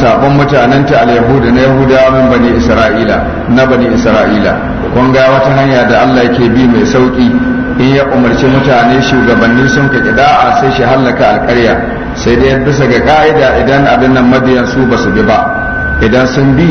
sabon ta al yahuda na yahudawa min bani isra'ila na bani isra'ila kun ga wata hanya da Allah yake bi mai sauki in ya umarci mutane shugabanni sun ka a sai shi hallaka alƙarya sai dai bisa ga ka'ida idan abin nan madiyan su basu bi ba idan sun bi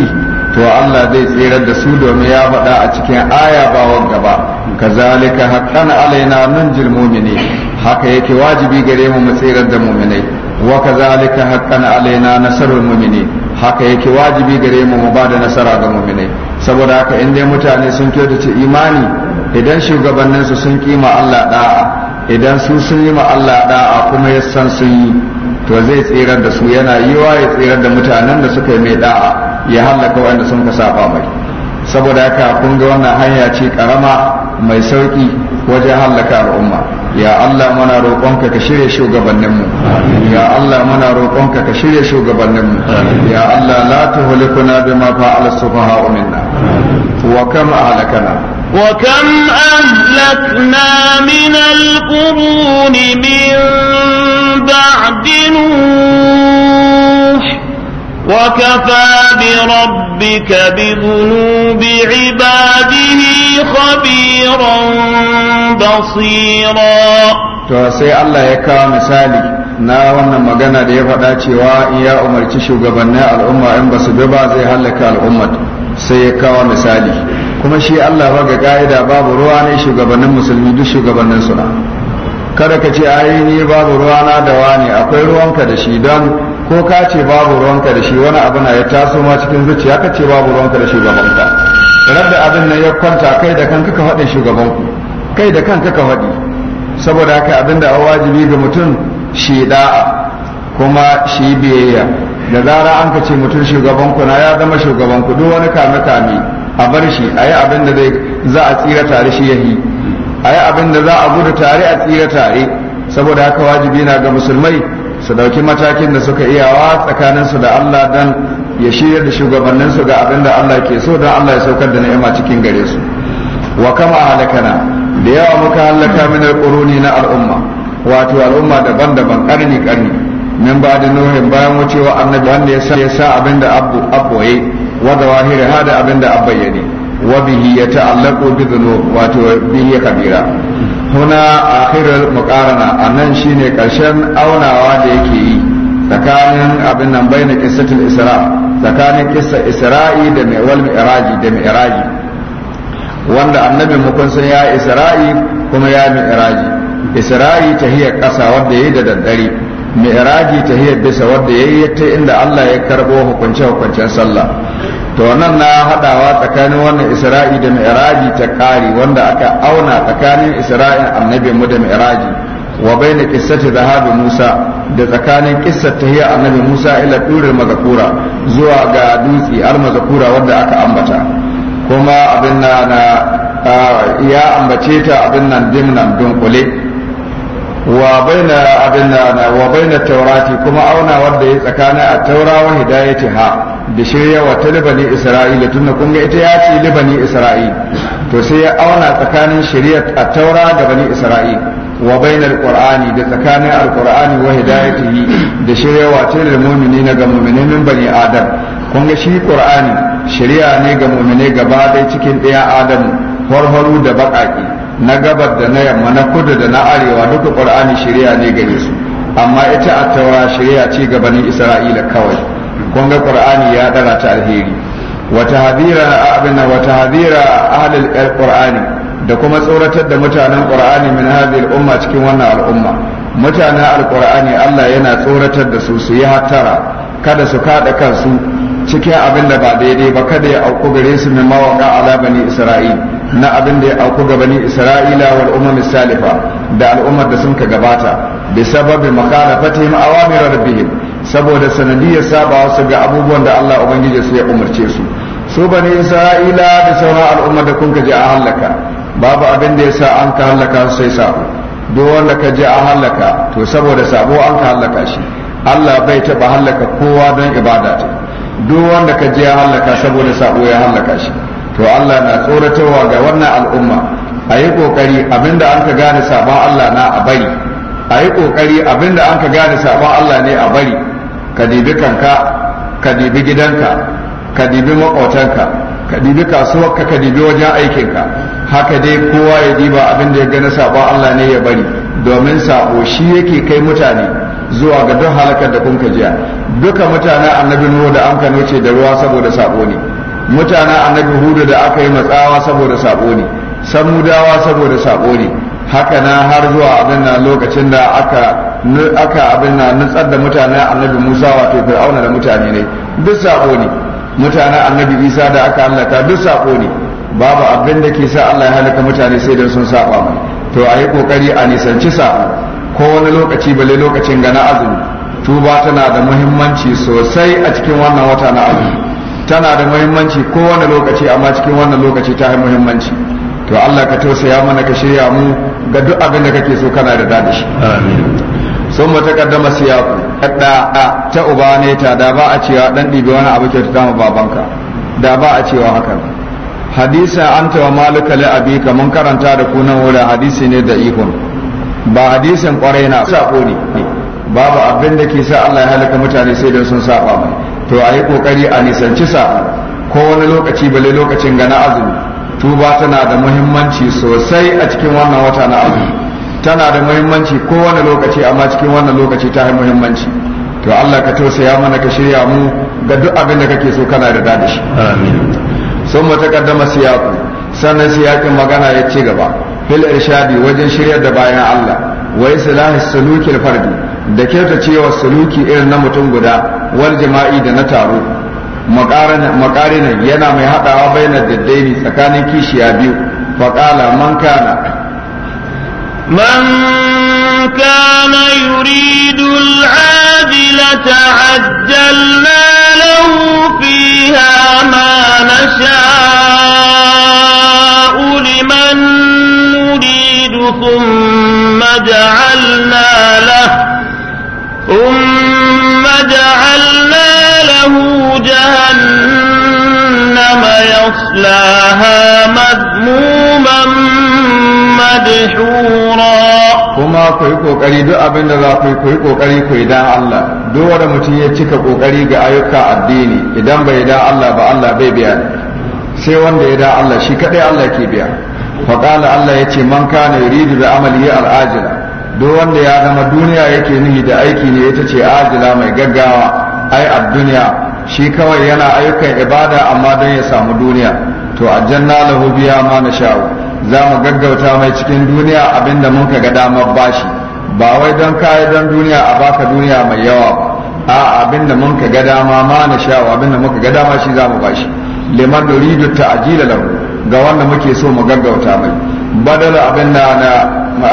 to Allah zai tsirar da su domin ya faɗa a cikin aya ba wanga ba kazalika haqqan alaina nunjil mu'mini haka yake wajibi gare mu mu tsirar da mu'minai wa kazalika haqqan alaina nasarar mu'minin haka yake wajibi gare mu mu bada nasara ga mu'minai saboda haka in dai mutane sun ce imani idan shugabannin su sun kima Allah da'a idan su sun yi ma Allah da'a kuma ya san sun yi to zai tsirar da su yana yiwa ya tsirar da mutanen da suka yi mai da'a ya hallaka wanda sun ka saba mai saboda haka kun ga wannan hanya ce karama mai sauki wajen hallaka al'umma ya Allah mana roƙonka ka shirya shugabanninmu ya Allah mana roƙonka ka shirya shugabanninmu ya Allah la tuhlikuna bima fa'ala sufaha minna wa kam ahlakana وكم أهلكنا من القرون من بعد نوح وكفى بربك بذنوب عباده خبيرا بصيرا to sai Allah ya kawo misali na wannan magana da ya faɗa cewa ya umarci shugabannin al'umma in ba su bi ba zai hallaka al'ummar sai ya kawo misali kuma shi Allah ba ga ka'ida babu ruwa ne shugabannin musulmi duk shugabannin suna kada ka ce ai ni babu na da wani akwai ruwanka da shi don ko ka ce babu ruwanka da shi wani abu na ya taso ma cikin zuciya ka ce babu ruwanka da shugabanka da abin nan ya kwanta kai da kanka ka faɗi shugabanku kai da kanka ka faɗi saboda haka abin da wajibi ga mutum shi da'a kuma shi biyayya da zara an ka ce mutum shugabanku na ya zama shugabanku duk wani kame kame a bar shi a yi abin da za a tsira tare shi yahi a yi abin da za a gudu tare a tsira tare saboda haka wajibi na ga musulmai su dauki matakin da suka iyawa tsakaninsu da Allah dan ya shirya da shugabanninsu ga abinda Allah ke so don Allah ya saukar da ni'ima cikin gare su wa kama halakana da yawa muka halaka min alquruni na al'umma wato al'umma daban-daban karni karni min ba da nuhin bayan wucewa annabi wanda ya sa abin da abu yayi wa zawahiri da abin da bayyane. wa bihi ya ta'allaqu bi dhunub wato bihi kabira huna akhirul muqarana anan shine karshen aunawa da yake yi tsakanin abin nan baina qissatul isra tsakanin qissa isra'i da wal mi'raji da mi'raji wanda annabi mu kun san ya isra'i kuma ya mi'raji isra'i tahiyar kasa wanda yayi da daddare mi'raji tahiyar bisa ya yayi ta inda Allah ya karbo hukunce hukuncen sallah to nan na hadawa tsakanin wannan isra'i da mi'raji ta kari wanda aka auna tsakanin isra'in annabi mu da mi'raji wa baina qissati dhahabi Musa da tsakanin ta tahiyya annabi Musa ila duril mazakura zuwa ga dutse al mazkura wanda aka ambata kuma abin na ah, ya ambace ta abin nan dimnan dunkule wa baina na wa baina taurati kuma auna wanda ya tsakanin a taura wa hidayati ha da shirya wa ta libani isra'ila da kun ita ya ce libani isra'il to sai ya auna tsakanin shirya a taura da bani isra'il wa bainal qur'ani da tsakanin alqur'ani wa hidayatihi da shirya wa ta lil na ga mu'minin bani adam kunga shi qur'ani shari'a ne ga muminai gaba dai cikin ɗayan adam horhoro da baƙaƙe. na gabar da na yamma na kudu da na arewa duka qur'ani shari'a ne gare su amma ita a taura shari'a ce gabanin isra'ila kawai kun ga ya ɗara ta alheri wata hadira abin wata hadira ahlul qur'ani da kuma tsoratar da mutanen ƙur'ani min hadhihi umma cikin wannan al'umma mutanen alƙur'ani Allah yana tsoratar da su su yi hattara kada su kaɗa kansu cikin abin da ba daidai ba kada ya auku gare su min mawaka ala bani isra'il na abin da ya auku ga bani isra'ila wal umam salifa da al'ummar da sun ka gabata bi sababi makhalafatihim awamir rabbihim saboda sanadiyar sabawa su ga abubuwan da Allah ubangiji su ya umarce su su bani isra'ila da sauran al'ummar da kun ka ji a halaka babu abin da ya sa an ka halaka sai sabo duk wanda ka ji a halaka to saboda sabo an ka halaka shi Allah bai taba halaka kowa don ibada ta duk wanda ka je ya hallaka saboda sabo ya hallaka shi to Allah na tsoratarwa ga wannan al'umma a yi ƙoƙari abinda an ka gane sabon Allah na a bari a yi kokari abinda an ka gane sabon Allah ne a bari ka dibi kanka ka dibi gidanka ka dibi maƙotanka ka dibi kasuwarka ka dibi wajen aikinka haka dai kowa ya diba abin da ya gani sabon Allah ne ya bari domin sabo shi yake kai mutane zuwa ga duk halakar da kun jiya duka a annabi nuhu da an kano ce da ruwa saboda sabo ne a annabi hudu da aka yi matsawa saboda sabo ne samudawa saboda sabo ne haka na har zuwa abin nan lokacin da aka abin nan nutsar da a annabi Musa wato Fir'auna da mutane ne duk sabo ne a annabi Isa da aka halaka duk sabo ne babu abin da ke sa Allah ya halaka mutane sai dan sun saba mai to a yi kokari a nisanci sa ko wani lokaci balle lokacin ga na azumi tuba tana da muhimmanci sosai a cikin wannan wata na azumi tana da muhimmanci ko wani lokaci amma cikin wannan lokaci ta yi muhimmanci to Allah ka tausaya mana ka shirya mu ga duk abin da kake so kana da dadi shi sun mu takaddama siyaku da ta uba ne ta da ba a cewa dan dibi wani abu kyautata ma babanka da ba a cewa hakan hadisa an tawa malika li abika mun karanta da ku nan wurin hadisi ne da ihun ba hadisin kwarai na sako ne babu abin da ke sa Allah ya halaka mutane sai da sun saba mai to a kokari a nisanci sa ko wani lokaci bale lokacin ga na azumi tuba tana da muhimmanci sosai a cikin wannan wata na azumi tana da muhimmanci ko wani lokaci amma cikin wannan lokaci ta yi muhimmanci to Allah ka tausaya mana ka shirya mu ga duk abin da kake so kana da dadi shi amin sun mutakaddama siyaku sannan siyakin magana ya ci gaba fil irshadi wajen shiryar da bayan Allah wa saluki sulukil fardi da kyauta cewa suluki irin na mutum guda wal jima'i da na taro makarina yana mai haɗawa bainar daddaini tsakanin kishiya biyu faƙala man kana man كان يريد العاجلة عجلنا له فيها ما نشاء لمن نريد ثم جعلنا له ثم جعلنا له جهنم يصلاها مذموما مدحورا kuma ku yi kokari duk abin da za ku yi ku yi kokari ku yi dan Allah duk wanda mutum ya cika kokari ga ayyuka addini idan bai da Allah ba Allah bai biya sai wanda ya da Allah shi kadai Allah ke biya fa Allah yace man kana yuridu bi amali al ajila duk wanda ya zama duniya yake nihi da aiki ne ita ce ajila mai gaggawa ai ad duniya shi kawai yana ayyukan ibada amma don ya samu duniya to ajanna lahu biya ma nasha'u za mu gaggauta mai cikin duniya abinda mun ka ga damar bashi ba wai don kaya don duniya a baka duniya mai yawa ba a abinda mun ka ga dama ma na sha abinda muka ga dama shi za mu bashi liman nuridu ta'jila lahu ga wanda muke so mu gaggauta mai badala abinda na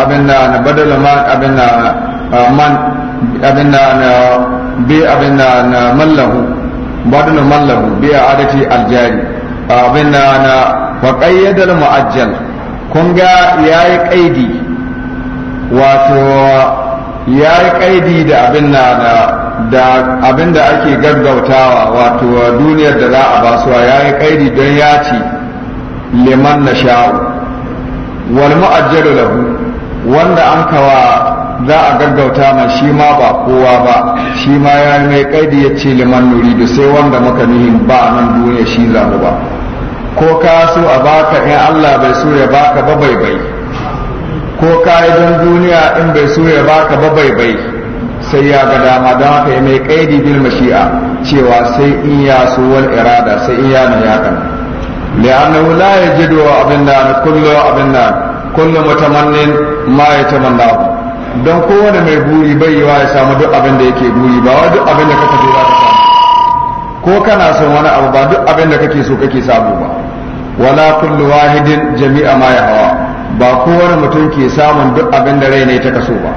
abinda na badala ma abinda man abinda na bi abinda na mallahu badala mallahu bi adati aljari abinda na wa qayyada al mu'ajjal kun ga ya yi kaidi, wato ya yi ƙaidi da abin na da abin da ake gaggautawa wato duniyar da za a basuwa ya yi ƙaidi don ya ce liman na sha'u wal mu'ajjalu lahu wanda an kawa za a gaggauta ma shi ma ba kowa ba shi ma ya yi mai kaidi ya ce liman da sai wanda muka nihin ba nan duniya shi zamu ba ko ka so a baka in Allah bai so ya baka ba bai bai ko ka yi don duniya in bai so ya baka ba bai bai sai ya ga dama don haka mai kaidi bil mashi'a cewa sai in ya so wal irada sai in ya na nuna hakan li'annahu la yajidu abin da kullu abin da kullu mutamannin ma ya tamanna don kowane mai buri bai yi wa ya samu duk abin da yake buri ba wa duk abin da ka tafi za ka samu ko kana son wani abu ba duk abin da kake so kake samu ba wala kullu wahidin jami'a ma ya hawa ba kowane mutum ke samun duk abin da rai ne ta kaso ba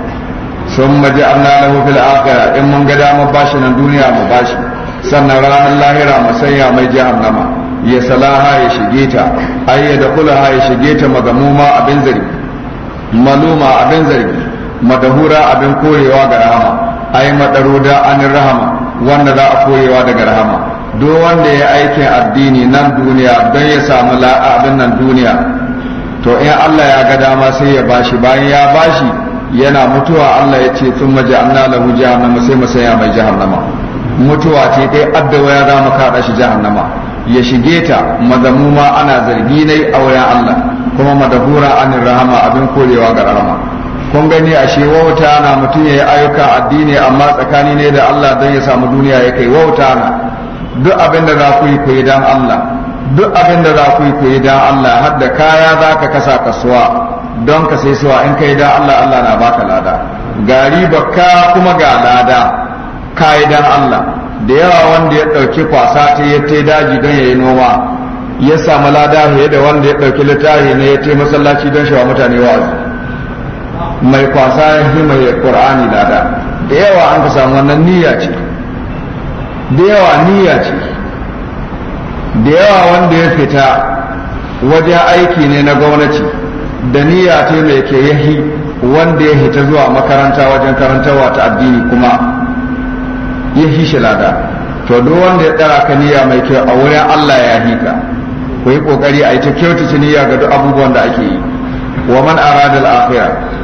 sun maji Allah lahu fil akhirah in mun ga damar bashi nan duniya mu bashi sannan ranar lahira mu sanya mai jahannama ya salaha ya shige ta ay ya ha ya shige ta magamuma abin zargi maluma abin zargi madahura abin korewa ga rahama ay madaruda anir rahama wanda za a koyewa daga rahama duk wanda ya aikin addini nan duniya don ya samu la'a abin nan duniya to in Allah ya ga dama sai ya bashi bayan ya bashi yana mutuwa Allah ya ce tun anna lahu jahannama sai mu saya mai jahannama mutuwa ce dai addawa ya za mu kada shi jahannama ya shige ta ma ana zargi nai a wurin Allah kuma madahura anin rahama abin korewa ga rahama kun gani ashe wauta na mutum ya yi ayyuka addini amma tsakani ne da Allah don ya samu duniya ya kai wauta na duk abin da za ku yi yi dan Allah duk abin da za ku yi yi dan Allah har da kaya za ka kasa kasuwa don ka sai suwa in yi dan Allah Allah na baka lada gari baka kuma ga lada yi dan Allah da yawa wanda ya ɗauki kwasa ta ya ta daji don ya yi noma ya samu lada fiye da wanda ya ɗauki littafi ne ya ta masallaci don shawa mutane wa'azi mai kwasa ya fi mai lada da yawa an ka samu wannan niyya ce da yawa niyya ce da yawa wanda ya fita wajen aiki ne na gwamnati da niyya ce mai ke yahi wanda ya hita zuwa makaranta wajen karantarwa ta addini kuma ya hi shi lada to duk wanda ya tsara ka niyya mai kyau a wurin Allah ya yi ka ku yi kokari a yi ta kyautace niyya ga duk abubuwan da ake yi wa man arada al-akhirah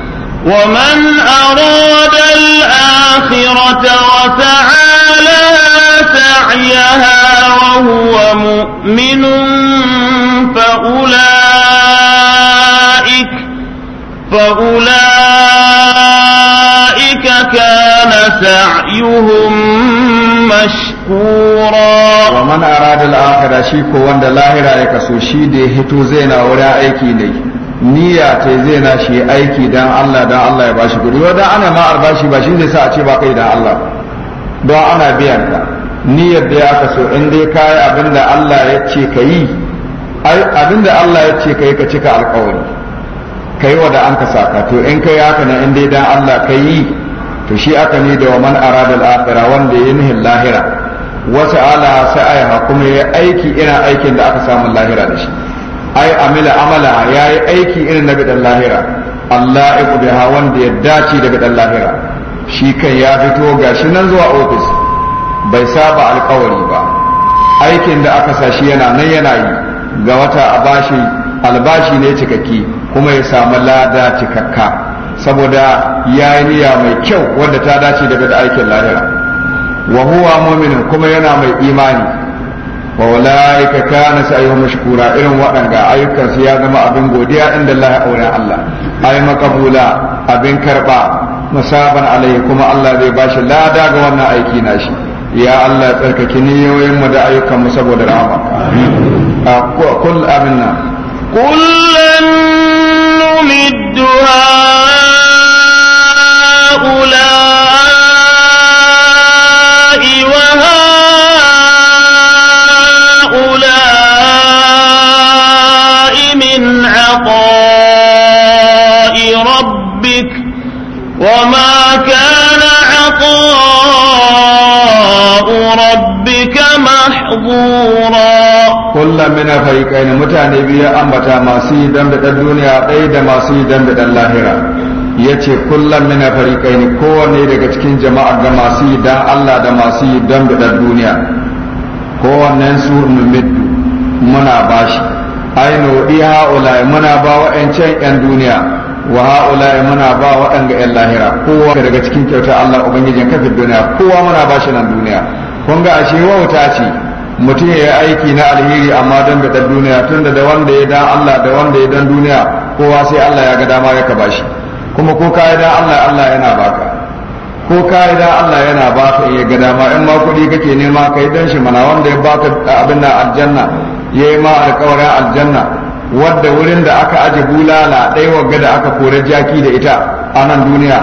ومن أراد الآخرة وسعى لها سعيها وهو مؤمن فأولئك فأولئك كان سعيهم مشكورا ومن أراد الآخرة شيكو وند لاهرة يكسو شيدي هتو زينا ولا أيكي niyya ce zai na shi aiki dan Allah dan Allah ya bashi kuɗi wanda ana ma albashi ba shi zai sa a ce ba kai dan Allah don ana biyan ka niyyar da ya so in dai abin Allah ya ce ka yi abin Allah ya ce ka yi ka cika alkawari ka yi wada an ka saka to in kai haka na in dai dan Allah ka yi to shi aka ne da man arada al-akhirah wanda ya nihin lahira wata ala sai ai kuma ya aiki ina aikin da aka samu lahira da shi ai amila amala ya yi aiki irin na bidan lahira Allah ya biha wanda ya dace da bidan lahira shi kan ya fito gashi nan zuwa ofis bai saba alkawari ba aikin da aka sashi yana nan yana yi ga wata abashi albashi ne cikakki kuma ya samu lada cikakka saboda ya yi niyya mai kyau wanda ta dace da da aikin lahira wa huwa mu'minin kuma yana mai imani wa ulaika kana sa'yuhum mashkura irin waɗanga ayyukansu ya zama abin godiya inda Allah ya aure Allah ay makabula abin karɓa musaban alaihi kuma Allah zai bashi lada ga wannan aiki na shi ya Allah tsarkake niyoyin mu da ayyukan mu saboda rahama kul aminna fariƙai ne mutane biyu ambata masu yi don biɗar duniya ɗaya da masu yi don biɗar lahira ya ce kullum mina fariƙai ne kowanne daga cikin jama'a ga masu yi don Allah da masu yi don biɗar duniya kowannen su numidu muna bashi aino ɗi ha'ulai muna ba wa'ancan 'yan duniya wa ha'ulai muna ba waɗanga 'yan lahira kowa daga cikin kyauta Allah ubangijin kafin duniya kowa muna bashi nan duniya kun ga ashe wauta ce mutum ya yi aiki na alheri amma don da duniya tunda da wanda ya dan Allah da wanda ya dan duniya kowa sai Allah ya ga dama ya ka bashi kuma ko ka da Allah Allah yana baka ko ka da Allah yana baka ya ga dama in ma kuɗi kake nema kai dan shi mana wanda ya baka abin nan aljanna yayi ma alƙawarin aljanna wadda wurin da aka aje bulala ɗaya wagga da aka kore jaki da ita a nan duniya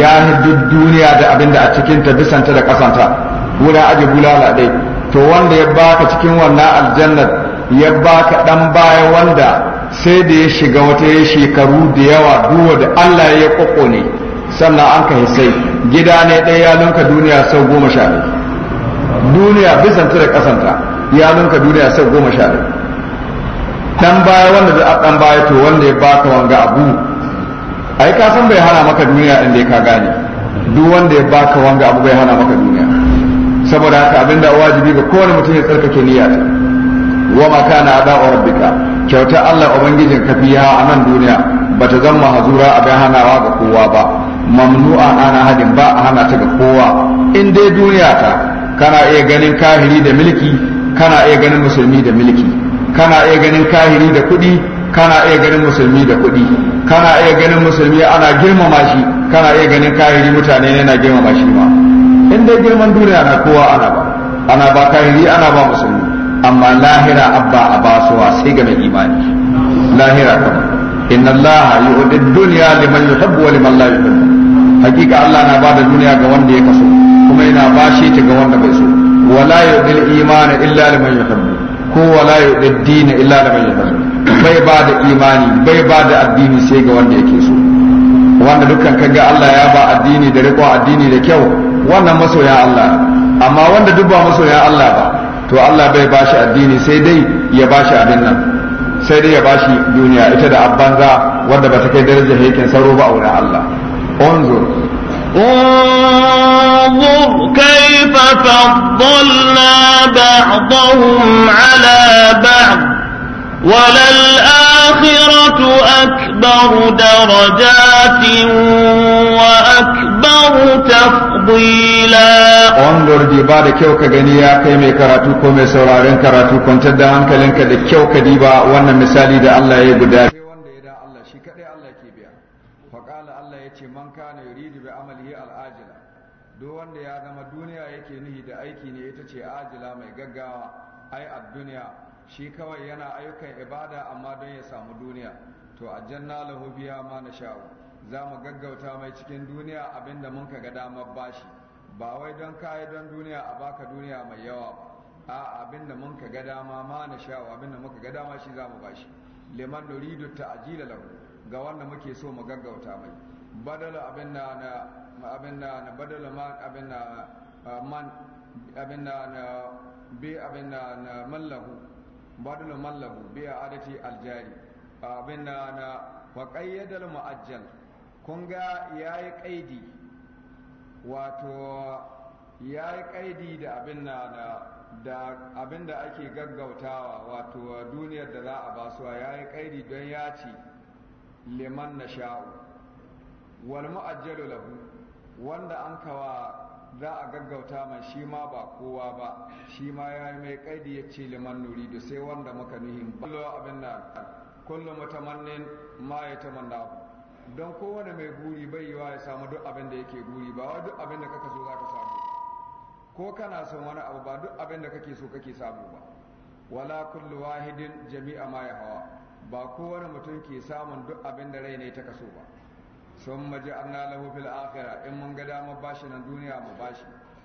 ya duk duniya da abin da a cikinta bisanta da kasanta wurin aje bulala ɗaya to wanda ya baka cikin wannan aljannar ya baka dan baya wanda sai da ya shiga wata shekaru da yawa duwa da Allah ya kwakwo ne sannan an ka hisai gida ne ɗaya ya ninka duniya sau goma sha biyu duniya bisanta da kasanta ya ninka duniya sau goma sha biyu dan baya wanda da dan baya to wanda ya baka wanga abu ai ka san bai hana maka duniya inda ka gane duk wanda ya baka wanga abu bai hana maka duniya saboda haka da wajibi ga kowane mutum ya tsarkake niyya ta wa kana ada'u rabbika kyauta Allah ubangijin ka fiha a nan duniya bata zama hazura abin hanawa ga kowa ba mamnu'a ana hadin ba a hana ta ga kowa in dai duniya ta kana iya ganin kahiri da milki kana iya ganin musulmi da milki kana iya ganin kahiri da kuɗi kana iya ganin musulmi da kuɗi kana iya ganin musulmi ana girmama shi kana iya ganin kahiri mutane ne na girmama shi ma dai girman duniya na kowa ana ba ana ba kahiri ana ba musulmi amma lahira abba a basuwa sai ga mai imani lahira kama inna allaha yu'ti dunya liman yuhibbu wa liman la yuhibbu hakika Allah na bada duniya ga wanda ya kaso kuma yana bashi ta ga wanda bai so wala yu'til imana illa liman yuhibbu ko wala yu'til dina illa liman yuhibbu bai ba da imani bai ba da addini sai ga wanda yake so wanda dukkan kaga Allah ya ba addini da riko addini da kyau wannan masoya Allah amma wanda duk ba masoya Allah ba to Allah bai bashi addini sai dai ya bashi abin nan sai dai ya bashi duniya ita da abbanza wanda ba ta kai darajar yakin sauro ba a Allah unzur انظر كيف فضلنا بعضهم على بعض الآخرة أكبر درجات وأكبر تفضيلا انظر ديبا da kyau ka gani ya kai mai karatu ko mai sauraren karatu kwantar da hankalinka da kyau ka diba wannan misali da Allah ya guda wanda ya da Allah shi kadai Allah ke biya faqala Allah ya ce man kana yuridu bi amalihi al duk wanda ya zama duniya yake nihi da aiki ne ita ajila mai gaggawa ai ad-dunya shi to a lahu biya ma na sha'u za mu gaggauta mai cikin duniya abinda mun ka ga damar bashi ba wai don kayi don duniya a baka duniya mai yawa ba a abinda mun ka ga dama ma na sha'u abinda muka ga dama shi za mu bashi liman nuridu ta'jila lahu ga wanda muke so mu gaggauta mai badala abinda na abinda na badala ma abinda man abinda na bi abinda na mallahu badala mallahu bi adati aljari abin na na faƙayyadar ma'ajjal kun ga ya yi ƙaidi wato ya yi ƙaidi da abin da da abin da ake gaggautawa wato duniyar da za a basuwa ya yi ƙaidi don ya ce liman na sha'u wal mu'ajjalu lahu wanda an kawa za a gaggauta mai shi ma ba kowa ba shi ma ya yi mai ƙaidi ya ce liman da sai wanda muka nuhin ba abin kullum mutamannin ma ya yatamanna don kowane mai guri bai yiwa ya samu duk abin da yake guri ba wa duk abin da kaka so ka samu ko kana son wani abu ba duk abin da kake so kake samu ba wala kullu wahidin jami'a ma ya hawa ba kowane mutum ke samun duk abin da rai ne ta kaso ba sun maji an lalahu fil akhira in mun ga dama bashi nan duniya mu bashi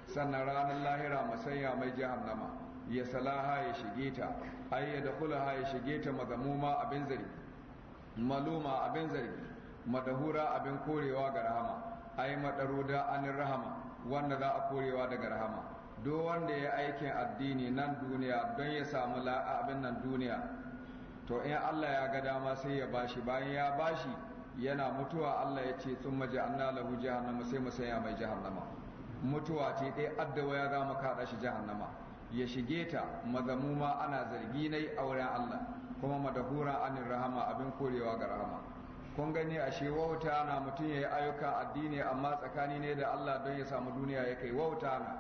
sannan ranar lahira mu sanya mai jahannama ya salaha ya shige ta ai ya dakhulaha ya shige ta magamuma abin zari, maluma abin zari madahura abin korewa ga rahama ai madaruda anir rahama wanda za a korewa daga rahama duk wanda ya aikin addini nan duniya don ya samu la'a abin nan duniya to in Allah ya ga dama sai ya bashi bayan ya bashi yana mutuwa Allah ya ce sun maji an lahu jahannama sai mu saya mai jahannama mutuwa ce dai adda waya za mu kaɗa shi jahannama ya shige ta mazamuma ana zargi nai a wurin Allah kuma madahura anin rahama abin korewa ga rahama kun gani ashe wauta na mutum ya yi ayyuka addini amma tsakani ne da Allah don ya samu duniya ya kai wauta na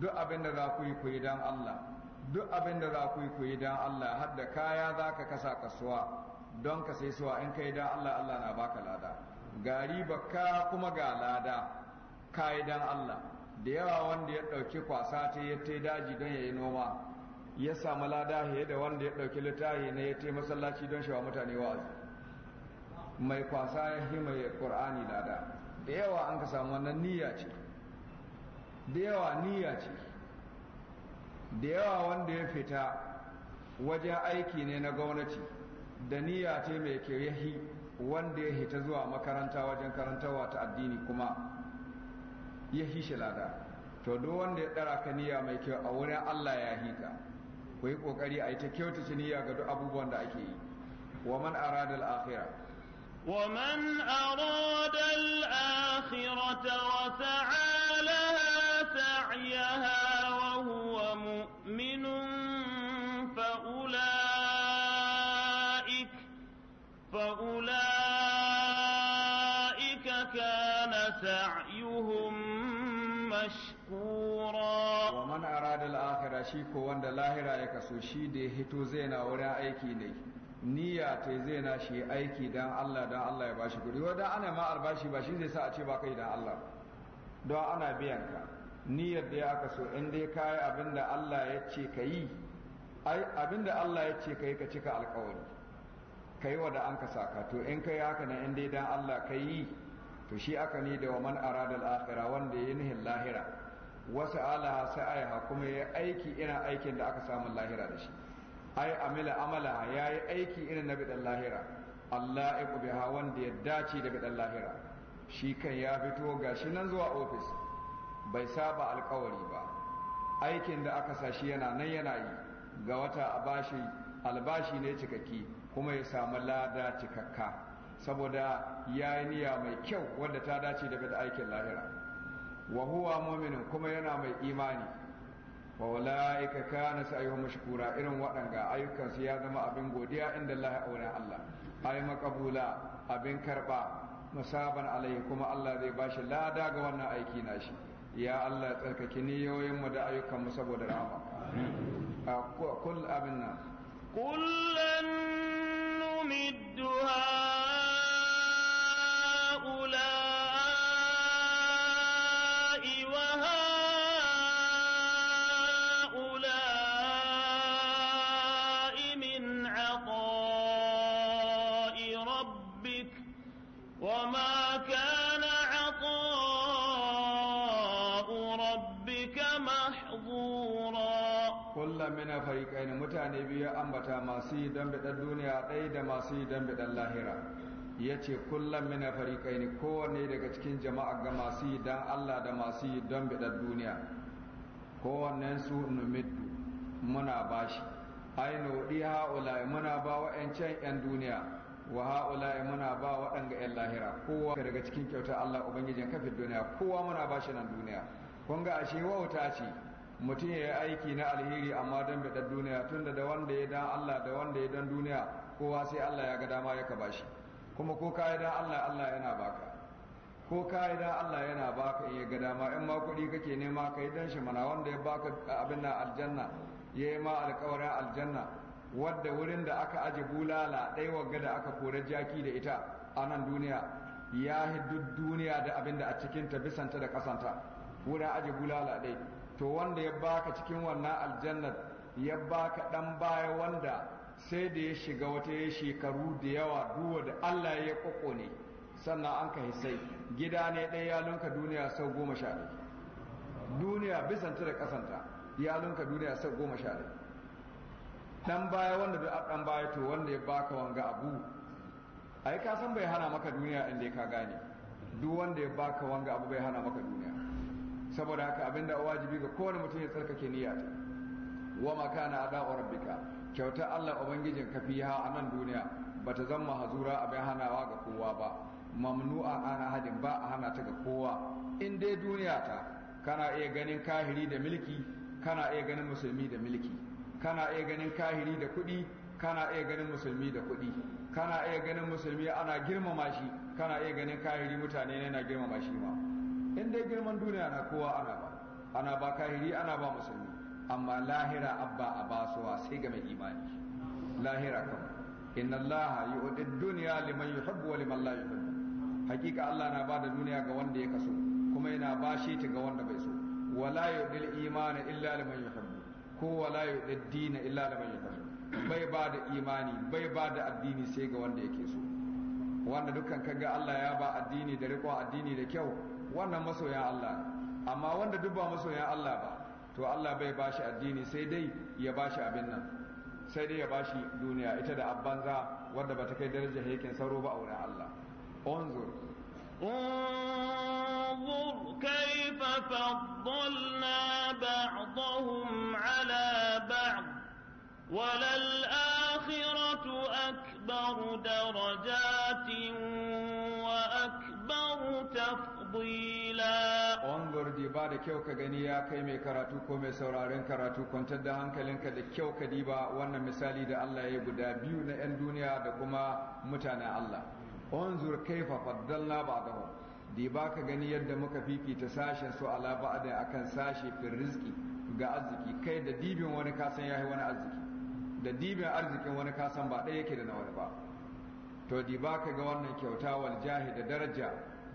duk abin da za ku yi ku yi don Allah duk abin da za ku yi ku yi don Allah har da kaya za ka kasa kasuwa don ka sai suwa in kai dan Allah Allah na baka lada gari bakka kuma ga lada kayi dan Allah da yawa wanda ya ɗauki kwasa ta ya ta daji don ya yi noma ya samu lada fiye da wanda ya ɗauki littafi na ya ta masallaci don shawa mutane wa'azi mai kwasa ya fi mai ƙur'ani lada da yawa an ka samu wannan niyya ce da yawa niyya ce da yawa wanda ya fita wajen aiki ne na gwamnati da niyya ce mai yahi wanda ya hita zuwa makaranta wajen karantarwa ta addini kuma ya hi shi lada to duk wanda ya dara ka niyya mai kyau a wurin Allah ya hi ka ku yi kokari a yi ta kyautace niyya ga duk abubuwan da ake yi wa man arada al-akhirah ومن أراد الآخرة وسعى لها سعيها وهو مؤمن فأولئك فأولئك lahira shi ko wanda lahira ya kaso shi da ya hito zai na wurin aiki ne niyya ta zai na shi aiki dan Allah dan Allah ya bashi kuɗi wanda ana ma albashi ba shi zai sa a ce ba kai dan Allah don ana biyan ka niyyar da ya aka so in dai kayi abin da Allah ya ce ka yi abin da Allah ya ce ka yi ka cika alkawari ka yi wa da an ka saka to in ka yi haka na in dai dan Allah ka yi to shi aka ni da wa man aradal akhirah wanda ya nihin lahira wasu alaha ayaha kuma ya aiki ina aikin da aka samun lahira da shi ai amila amala ya yi aiki ina na bidan lahira Allah ya biha wanda ya dace da bidan lahira shi kan ya fito ga shi nan zuwa ofis bai saba alkawari ba aikin da aka sa yana nan yana yi ga wata abashi albashi ne cikakki kuma ya samu lada cikakka saboda ya yi niyya mai kyau wanda ta dace da bidan aikin lahira Wahuwa huwa kuma yana mai imani wa ulaika kana sa'yuhum mashkura irin waɗanga ayyukansu ya zama abin godiya inda Allah ya aure Allah ay makabula abin karba musaban alaihi kuma Allah zai bashi lada ga wannan aiki nashi ya Allah tsarkake niyoyin mu da ayyukan mu saboda rahama kul abin nan kullan na fariƙai ne mutane biyu ambata masu yi don biɗar duniya ɗaya da masu yi don biɗar lahira ya ce kullum mina fariƙai ne kowanne daga cikin jama'a ga masu yi don Allah da masu yi don biɗar duniya kowane su numidu muna bashi aino ɗi ha'ula'i muna ba wa'ancan 'yan duniya wa ha'ula'i muna ba waɗanga 'yan lahira kowa daga cikin kyauta Allah ubangijin kafin duniya kowa muna bashi nan duniya kun ga ashe wauta ce mutum ya yi aiki na alheri amma don biɗar duniya tunda da wanda ya dan Allah da wanda ya dan duniya kowa sai Allah ya ga dama ya ka bashi kuma ko ka yi dan Allah Allah yana baka ko ka yi dan Allah yana baka in ya ga dama in ma kuɗi kake nema ka yi dan shi mana wanda ya baka abin na aljanna ya yi ma alƙawarin aljanna wadda wurin da aka aji bulala ɗaya wagga da aka kore jaki da ita a nan duniya ya hiddu duniya da abin da a cikinta bisanta da kasanta wurin aji bulala ɗaya to wanda ya baka cikin wannan aljannar ya baka dan baya wanda sai da ya shiga wata ya shekaru da yawa duwa da Allah ya kwakwo ne sannan an ka hisai gida ne ɗaya yalonka duniya sau goma sha ɗaya duniya bisanta da ƙasanta yalonka duniya sau goma sha ɗaya dan baya wanda duk ɗan baya to wanda ya baka wanga abu ai ka san bai hana maka duniya inda ka gane duk wanda ya baka wanga abu bai hana maka duniya saboda haka abinda wajibi ga kowane mutum ya tsarkake niyya ta wa makana ada rabbika kyauta Allah ubangijin ka fiha a nan duniya bata zama hazura abin hanawa ga kowa ba mamnu'a ana hadin ba a hana ta ga kowa in dai duniya ta kana iya ganin kahiri da milki kana iya ganin musulmi da milki kana iya ganin kahiri da kuɗi kana iya ganin musulmi da kuɗi kana iya ganin musulmi ana girmama shi kana iya ganin kahiri mutane ne na girmama shi ma in dai girman duniya na kowa ana ba ana ba kahiri ana ba musulmi amma lahira abba a basuwa sai ga mai imani lahira kam inna allaha yu'ti dunya liman yuhibbu wa liman la yuhibbu hakika allah na ba da duniya ga wanda ya kaso kuma yana bashe ta ga wanda bai so wala yu'ti imani illa liman yuhibbu ko wala yu'ti dina illa liman yuhibbu bai ba da imani bai ba da addini sai ga wanda yake so wanda dukkan kaga Allah ya ba addini da riko addini da kyau wannan masoya Allah amma wanda duk ba masoya Allah ba to Allah bai bashi addini sai dai ya bashi abin nan sai dai ya bashi duniya ita da abbanza wanda bata kai darajar yakin sauro ba a wurin Allah unzur انظر كيف فضلنا بعضهم على بعض وللآخرة أكبر درجات وأكبر تفضيل ba da kyau ka gani ya kai mai karatu ko mai sauraren karatu kwantar da hankalinka da kyau ka diba wannan misali da Allah ya guda biyu na 'yan duniya da kuma mutanen Allah unzur kaifa faddalna ba'dahu diba ka gani yadda muka fifita sashen su ala ba'da akan sashe fi rizqi ga arziki kai da dibin wani kasan yayi wani arziki da dibin arzikin wani kasan ba ɗaya yake da na wani ba to diba ka ga wannan kyauta wal jahi da daraja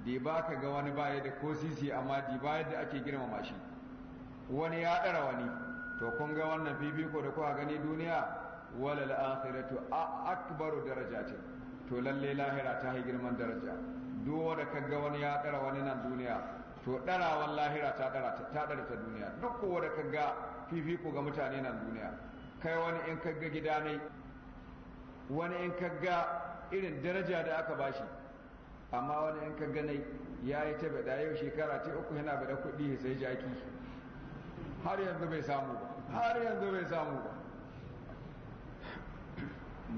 da ba ka ga wani baya da ko sisi amma di ba yadda ake girmama shi wani ya ɗara wani to kun ga wannan fifiko da kuka gani duniya walal akhiratu akbaru ce to lalle lahira ta yi girman daraja duwa da kaga wani ya ɗara wani nan duniya to ɗarawan lahira ta ɗara ta ɗara ta duniya duk da kaga fifiko ga mutane nan duniya kai wani in kaga gida ne wani in kaga irin daraja da aka bashi amma wani 'yan ka ganai ya yi ta bada yau shekara ta uku yana bada kuɗi ya sai jaki har yanzu bai samu ba har yanzu bai samu ba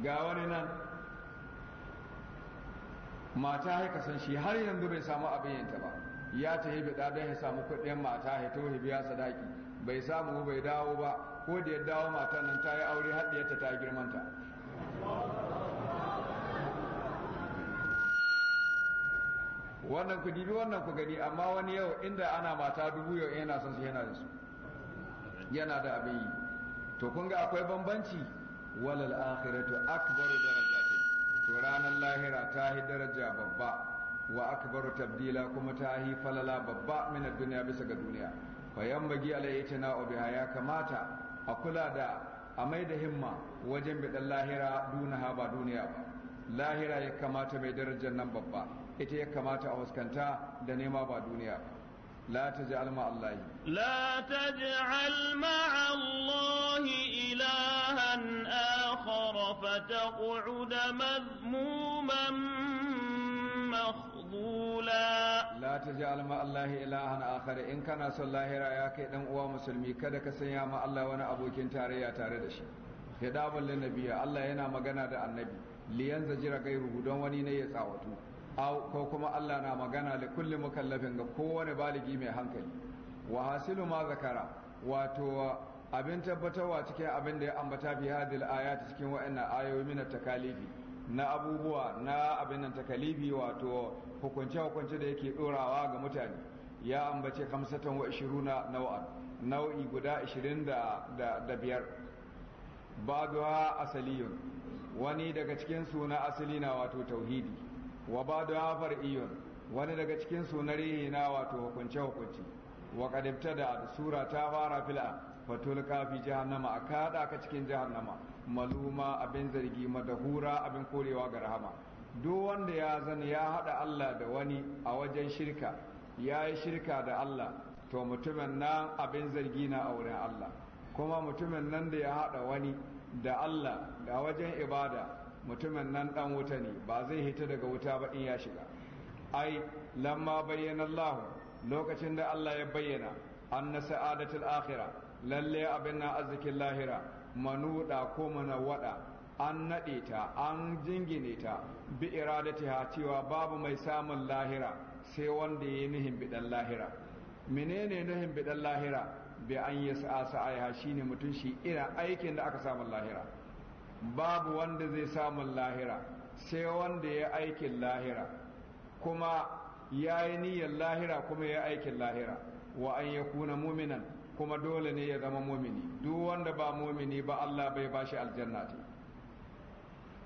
ga wani nan mata haika san shi har yanzu bai samu abin yanta ba ya ta yi bada don ya samu kuɗin mata ya ta biya sadaki bai samu bai dawo ba ko da ya dawo matan nan ta yi aure haɗiyarta ta girmanta wannan ku dibi wannan ku gani amma wani yau inda ana mata dubu yau yana son su yana da su yana da abin yi to kun ga akwai bambanci walal akhiratu akbaru darajati to ranar lahira ta hi daraja babba wa akbaru tabdila kuma ta hi falala babba min duniya bisa ga duniya fa yambagi tana ubiha ya kamata a kula da a mai da himma wajen bidan lahira dunaha ba duniya ba lahira ya kamata mai darajar nan babba ita ya kamata a fuskanta da nema ba duniya لا تجعل مع الله لا تجعل مع الله إلها آخر فتقعد مذموما مخذولا لا تجعل مع الله إلها آخر إن كان صلى الله رأيك إن هو مسلمي كذا كسيا مع الله وأنا أبوك إن تاريا تاردش خدابا للنبي الله ينا مغنى النبي liyan zajira gairuhu don wani ne ya tsawatu ko kuma Allah na magana da kullum mukallafin ga kowane baligi mai hankali wa hasilu ma zakara wato abin tabbatarwa cikin abin da ya ambata bi hadil ayati cikin wa'annan ayoyi min takalifi na abubuwa na abin nan takalifi wato hukunce hukunce da yake dorawa ga mutane ya ambace 25 nau'an nau'i guda 25 ba'daha asaliyun wani daga cikin suna asali na wato tauhidi wa Hafar far'iyun wani daga cikin suna rihi na wato hukunce hukunci wa kadibta da sura ta fara fil'a fatulka kafi jahannama a kada ka cikin jahannama maluma abin zargi madahura abin korewa ga rahama duk wanda ya zan ya hada Allah da wani a wajen shirka ya yi shirka da Allah to mutumin nan abin zargi na a wurin Allah kuma mutumin nan da ya hada wani da Allah ga wajen ibada mutumin nan dan wuta ne ba zai hita daga wuta ba in ya shiga ai lamma bayyana Allah lokacin da Allah ya bayyana anna sa'adatul akhirah lalle abin na arzikin lahira manuda ko wada an naɗe ta an jingine ta bi iradatiha cewa babu mai samun lahira sai wanda ya yi nuhin bidan lahira menene nuhin bidan lahira bi an yi sa'a shi ne mutum shi irin aikin da aka samun lahira babu wanda zai samun lahira sai wanda ya aikin lahira kuma ya yi niyyar lahira kuma ya aikin lahira wa an ya kuna muminan kuma dole ne ya zama mumini duk wanda ba mumini ba Allah bai bashi shi aljannati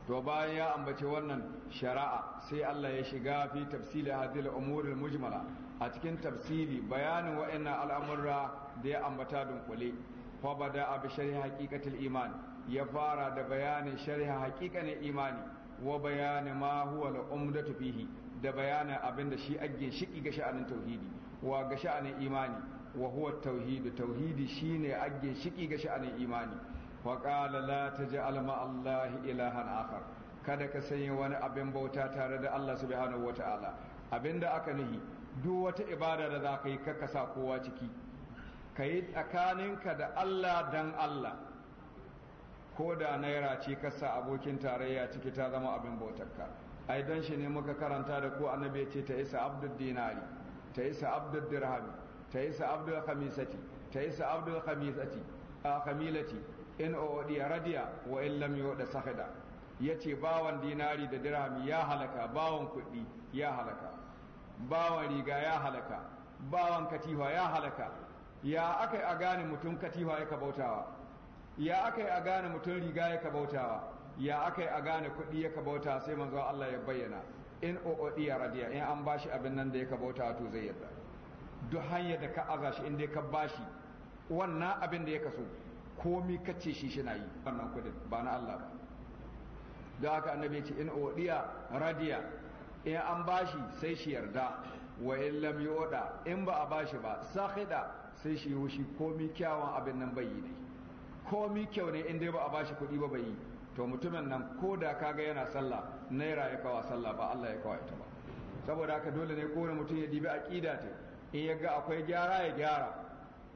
to bayan ya ambaci wannan shari'a sai Allah ya shiga fi tafsili hadil umuril mujmala a cikin tafsiri bayanin wa'annan al'amurra da ya ambata dunkule fa bada abi sharhi haqiqatul iman ya fara da bayanin sharia haqiqanin imani wa bayanin ma huwa al da bayanin abin da shi agin shiki ga sha'anin tauhidi wa ga sha'anin imani wa huwa tauhidu tauhidi shine agin shiki ga sha'anin imani wa qala la taj'al ma allahi ilahan akhar kada ka sanya wani abin bauta tare da Allah subhanahu Abin da aka nihi duk wata ibada da za ka yi kakasa kowa ciki ka yi tsakaninka da Allah dan Allah ko da naira ce kasa abokin tarayya ciki ta zama abin bautarka ai don shi ne muka karanta da ko annabi ce ta isa abdul dinari ta isa abdul dirhami ta isa abdul khamisati ta isa abdul khamisati a khamilati in odiya radiya wa in lam yuda sahida yace bawan dinari da dirhami ya halaka bawan kuɗi ya halaka bawan riga ya halaka bawan katifa ya halaka ya yi a gane mutum katifa ya kabautawa ya yi a gane mutum riga ya kabautawa ya yi a gane kuɗi ya kabauta sai manzo Allah ya bayyana in ya radiya in an bashi abin nan da ya kabautawa to zai yarda duk hanyar da ka aza shi in dai ka bashi wannan abin da ya kaso komi kace shi shi na yi wannan kudin ba na Allah ba da haka annabi ce in ya radiya in an bashi sai shi yarda wa in lam yoda in ba a bashi ba sahida sai shi yoshi komi kyawun abin nan bai yi ne komi kyau ne in dai ba a bashi kuɗi ba bai yi to mutumin nan ko da kaga yana sallah naira ya kawa sallah ba Allah ya kawa ita ba saboda haka dole ne kowane mutum ya dibi aqida ta in ya ga akwai gyara ya gyara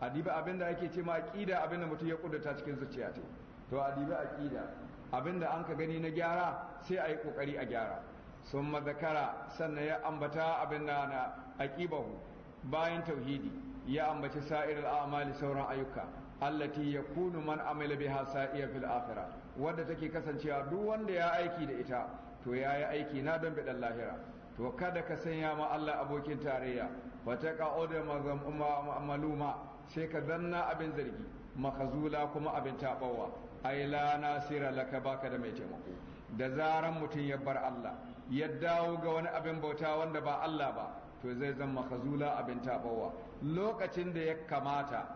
a dibi abin da ake ce ma aqida abin da mutum ya kudurta cikin zuciya ta to a dibi aqida abin da an ka gani na gyara sai a yi kokari a gyara sun mazakara sannan ya ambata abin da na aƙibahu bayan tauhidi ya ambaci sa'ir al'amali sauran ayyuka allati ya kunu man amila biha sa'iya fil akhirah wadda take kasancewa duk wanda ya aiki da ita to yayi aiki na don ɗan lahira to kada ka sanya ma Allah abokin tarayya wa ta ka'uda maluma sai ka zanna abin zargi makazula kuma abin tabawa ai la nasira laka baka da mai taimako da zaran mutum ya bar Allah ya dawo ga wani abin bauta wanda ba Allah ba to zai zama makazula abin tabawa lokacin da ya kamata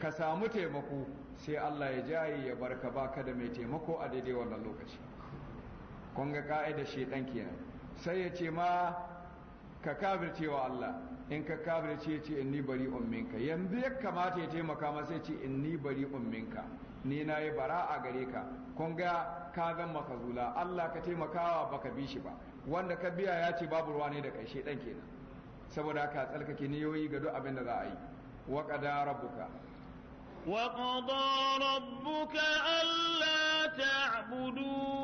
ka samu taimako sai Allah ya jaye ya barka baka da mai taimako a daidai wannan lokaci kun ga ka'idar shedan kenan sai ya ce ma ka kabirce wa Allah in ka kafirce ce ni bari umminka yanzu ya kamata ya taimaka masa ya ce ni bari umminka ni na yi bara'a gare ka kun ga ka zan zula Allah ka taimakawa baka bi shi ba wanda ka biya ya ce babu ruwa ne da kai shedan kenan saboda ka tsalkake niyoyi ga duk abin da za a yi wa qada rabbuka wa qada rabbuka alla ta'budu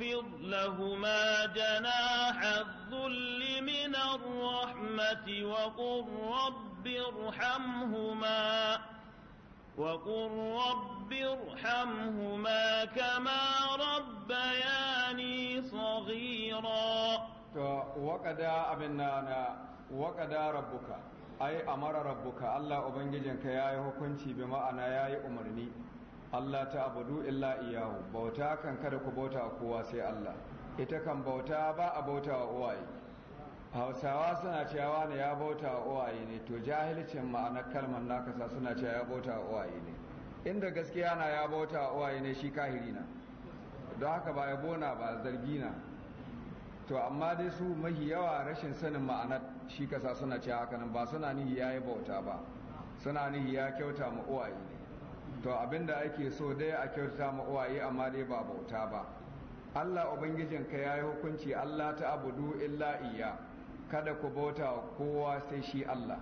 واخفض لهما جناح الذل من الرحمة وقل رب ارحمهما وقل رب ارحمهما كما ربياني صغيرا وقدا أبنانا وقدا ربك ai amara rabbuka Allah ubangijinka yayi hukunci bi ma'ana yayi umarni Allah ta abudu illa iyahu bauta kan kada ku bauta kowa sai Allah ita kan bauta ba a bauta wa uwaye hausawa suna cewa ne ya bauta wa uwaye ne to jahilcin ma'anar kalmar nakasa suna cewa ya bauta wa uwaye ne inda gaskiya na ya bauta wa uwaye ne shi kahiri na don haka ba ya bona ba zargi na to amma dai su mahi yawa rashin sanin ma'anar shi kasa suna cewa haka ba suna nihi ya yi bauta ba suna nihi ya kyauta ma uwaye ne to abin da ake so dai a kyauta ma uwaye amma dai ba bauta ba Allah ubangijinka ya yi hukunci Allah ta abudu illa iya kada ku bauta kowa sai shi Allah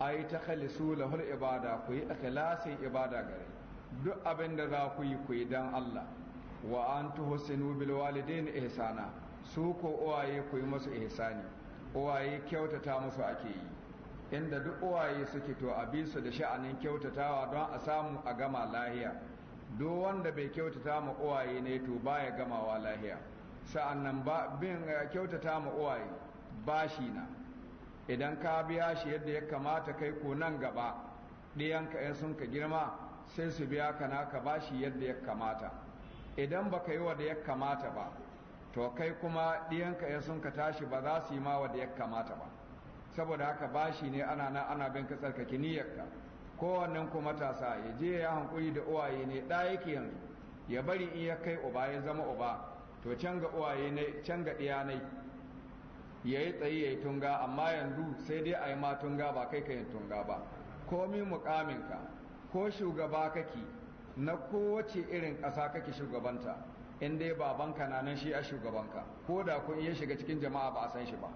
ai ta khalisu lahul ibada ku yi ikhlasin ibada gare duk abin za ku yi ku yi dan Allah wa an tuhsinu bil walidain ihsana su ko uwaye ku yi musu ihsani uwaye kyautata musu ake yi inda duk uwaye suke to a bi su da sha'anin kyautatawa don a samu a gama lahiya duk wanda bai kyautata ma uwaye ne to baya gamawa lahiya sa'an nan ba bin eh, kyautata ma uwaye bashi na idan ka biya shi yadda ya kamata kai ko nan gaba ɗiyanka in sun ka girma sai su biya ka naka bashi yadda ya kamata idan ba ka yi wa da ya kamata ba to kai kuma ɗiyanka in sun ka tashi ba za su yi ma wa da ya kamata ba saboda haka bashi ne ana nan ana bin ka tsarkake niyyarka kowannen ku matasa ya je ya hankuri da uwaye ne ɗa yake yanzu ya bari in ya kai uba ya zama uba to can uwaye ne can ga ɗiya ne ya yi tsaye ya yi tunga amma yanzu sai dai a yi ma tunga ba kai ka yin tunga ba komi mukaminka ko shugaba kake na kowace irin ƙasa kake shugabanta in dai babanka na nan shi a shugabanka ko da kun iya shiga cikin jama'a ba a san shi ba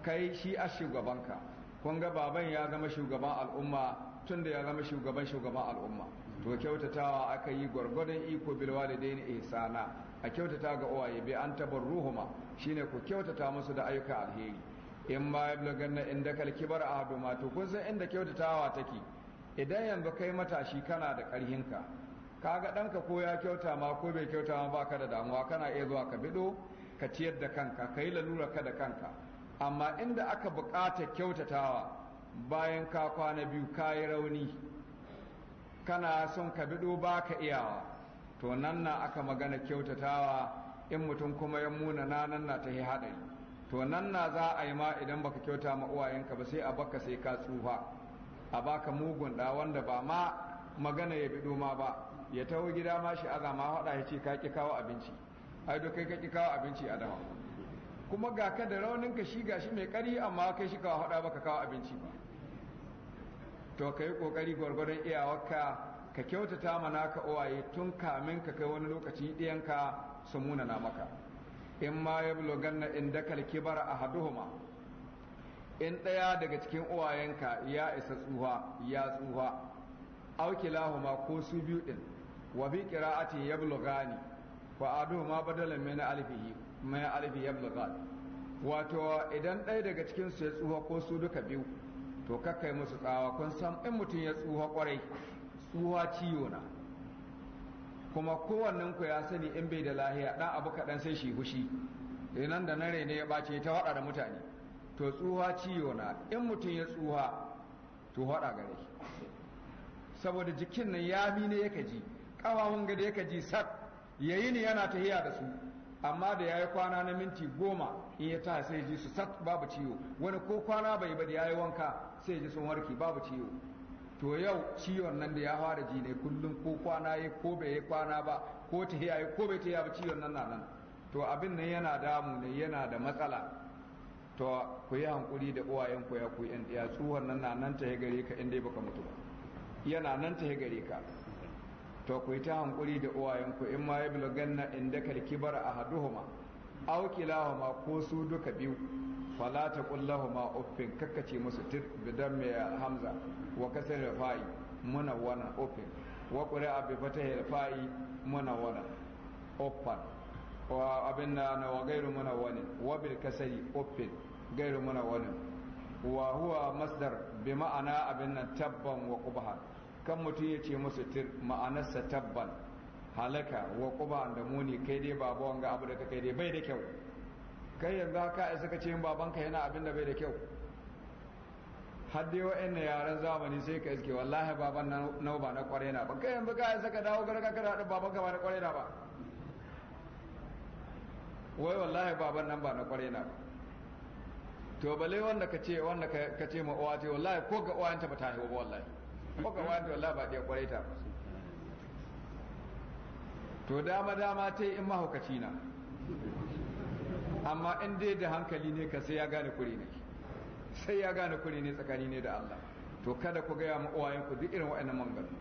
kai shi a shugabanka kun ga baban ya zama shugaban al'umma tun da ya zama shugaban shugaban al'umma to kyautatawa aka yi gwargwadon iko bilwa da daini ihsana a kyautata ga uwaye bi an tabar ruhuma shine ku kyautata musu da ayyuka alheri in ma ya ganna inda kalkibar ahaduma to kun san inda kyautatawa take idan yanzu kai matashi kana da ka kaga ɗanka ko ya kyauta ma ko bai kyauta ma baka da damuwa kana iya zuwa ka bido ka ciyar da kanka ka yi lalura ka da kanka amma inda aka bukata kyautatawa bayan ka kwana biyu ka yi rauni kana son ka bido ba ka iyawa to nan na aka magana kyautatawa in mutum kuma ya muna nan na ta yi haɗari to nan na za a yi ma idan baka kyauta ma uwayenka ba sai a baka sai ka tsufa a baka mugun da wanda ba ma magana ya biɗo ma ba ya taho gida ma shi azama haɗa ya ce ka ƙi kawo abinci ai kai ka ƙi kawo abinci a dawa kuma ga ka da raunin ka shi gashi mai kari amma kai shi kawo hada baka kawo abinci ba to ka yi kokari gwargwaron iyawarka ka kyautata mana ka owaye tun kamin ka kai wani lokaci ɗiyanka su munana maka in ma ya in dakal bara a haduhuma in ɗaya daga cikin uwayenka ya isa tsuha ya tsuha lahuma ko su biyu ɗin wa bi qira'atin a fa aduhuma badalan min alfihi mai alfi yablughat wato idan ɗaya daga cikin su ya tsuha ko su duka biyu to kakkai musu tsawa kun san in mutum ya tsuha kwarai tsuha ciwo na kuma kowannen ku ya sani in bai da lahiya dan abu kaɗan sai shi hushi Idan eh, da na ne ya ɓace ta waɗa da mutane to tsuha ciwo na in mutum ya tsuha to waɗa gare saboda jikin nan bi ne yake ji ƙawawun gada yake ji sak yayi ne yana tahiya da su amma da ya yi kwana na minti goma in ya ta sai ji su sat babu ciwo wani ko kwana bai ba da ya yi wanka sai ji sun warke babu ciwo to yau ciwon nan da ya fara ji ne kullum ko kwana ya ko bai yi kwana ba ko ta ya yi ko bai ta ya ba ciwon nan na nan to abin nan yana damu ne yana da matsala to ku yi hankuri da uwayen ku ya ku yan tsuhon nan na nan ta ya gare ka in dai baka mutu ba yana nan ta ya gare ka to ku yi ta hankuri da uwayenku in ma ya ganna inda bar a haduhuma aw kilahuma ko su duka biyu fala ta kullahuma uffin kakkace musu tir bidan ya hamza wa kasar rafa'i muna wana uffin wa qira'a bi fatahi rafa'i muna wana uffan wa abin na wa gairu muna wani wa bil kasari uffin gairu muna wani wa huwa masdar bi ma'ana abin nan tabban wa qubhan kan mutum ya ce musu tir ma'anarsa tabban halaka wa quba da muni kai dai baba wanga abu da kai dai bai da kyau kai yanzu haka isa ka ce babanka yana abin da bai da kyau har dai wa'annan yaren zamani sai ka iske wallahi baban na ba na kwarai na ba kai yanzu ka isa ka dawo garka ka da baban ka ba na kwarai na ba wai wallahi baban nan ba na kwarai na ba to bale wanda ka ce wanda ka ce ma uwa ce wallahi ko ga uwayanta ba ta haihu ba wallahi ko wata wallahi ba ɗaya kwarai ta to dama dama ta yi in mahaukaci na amma in dai da hankali ne ka sai ya gane kuri ne sai ya gane kuri ne tsakani ne da Allah to kada ku gaya ma'uwayen ku duk irin wa'annan manganu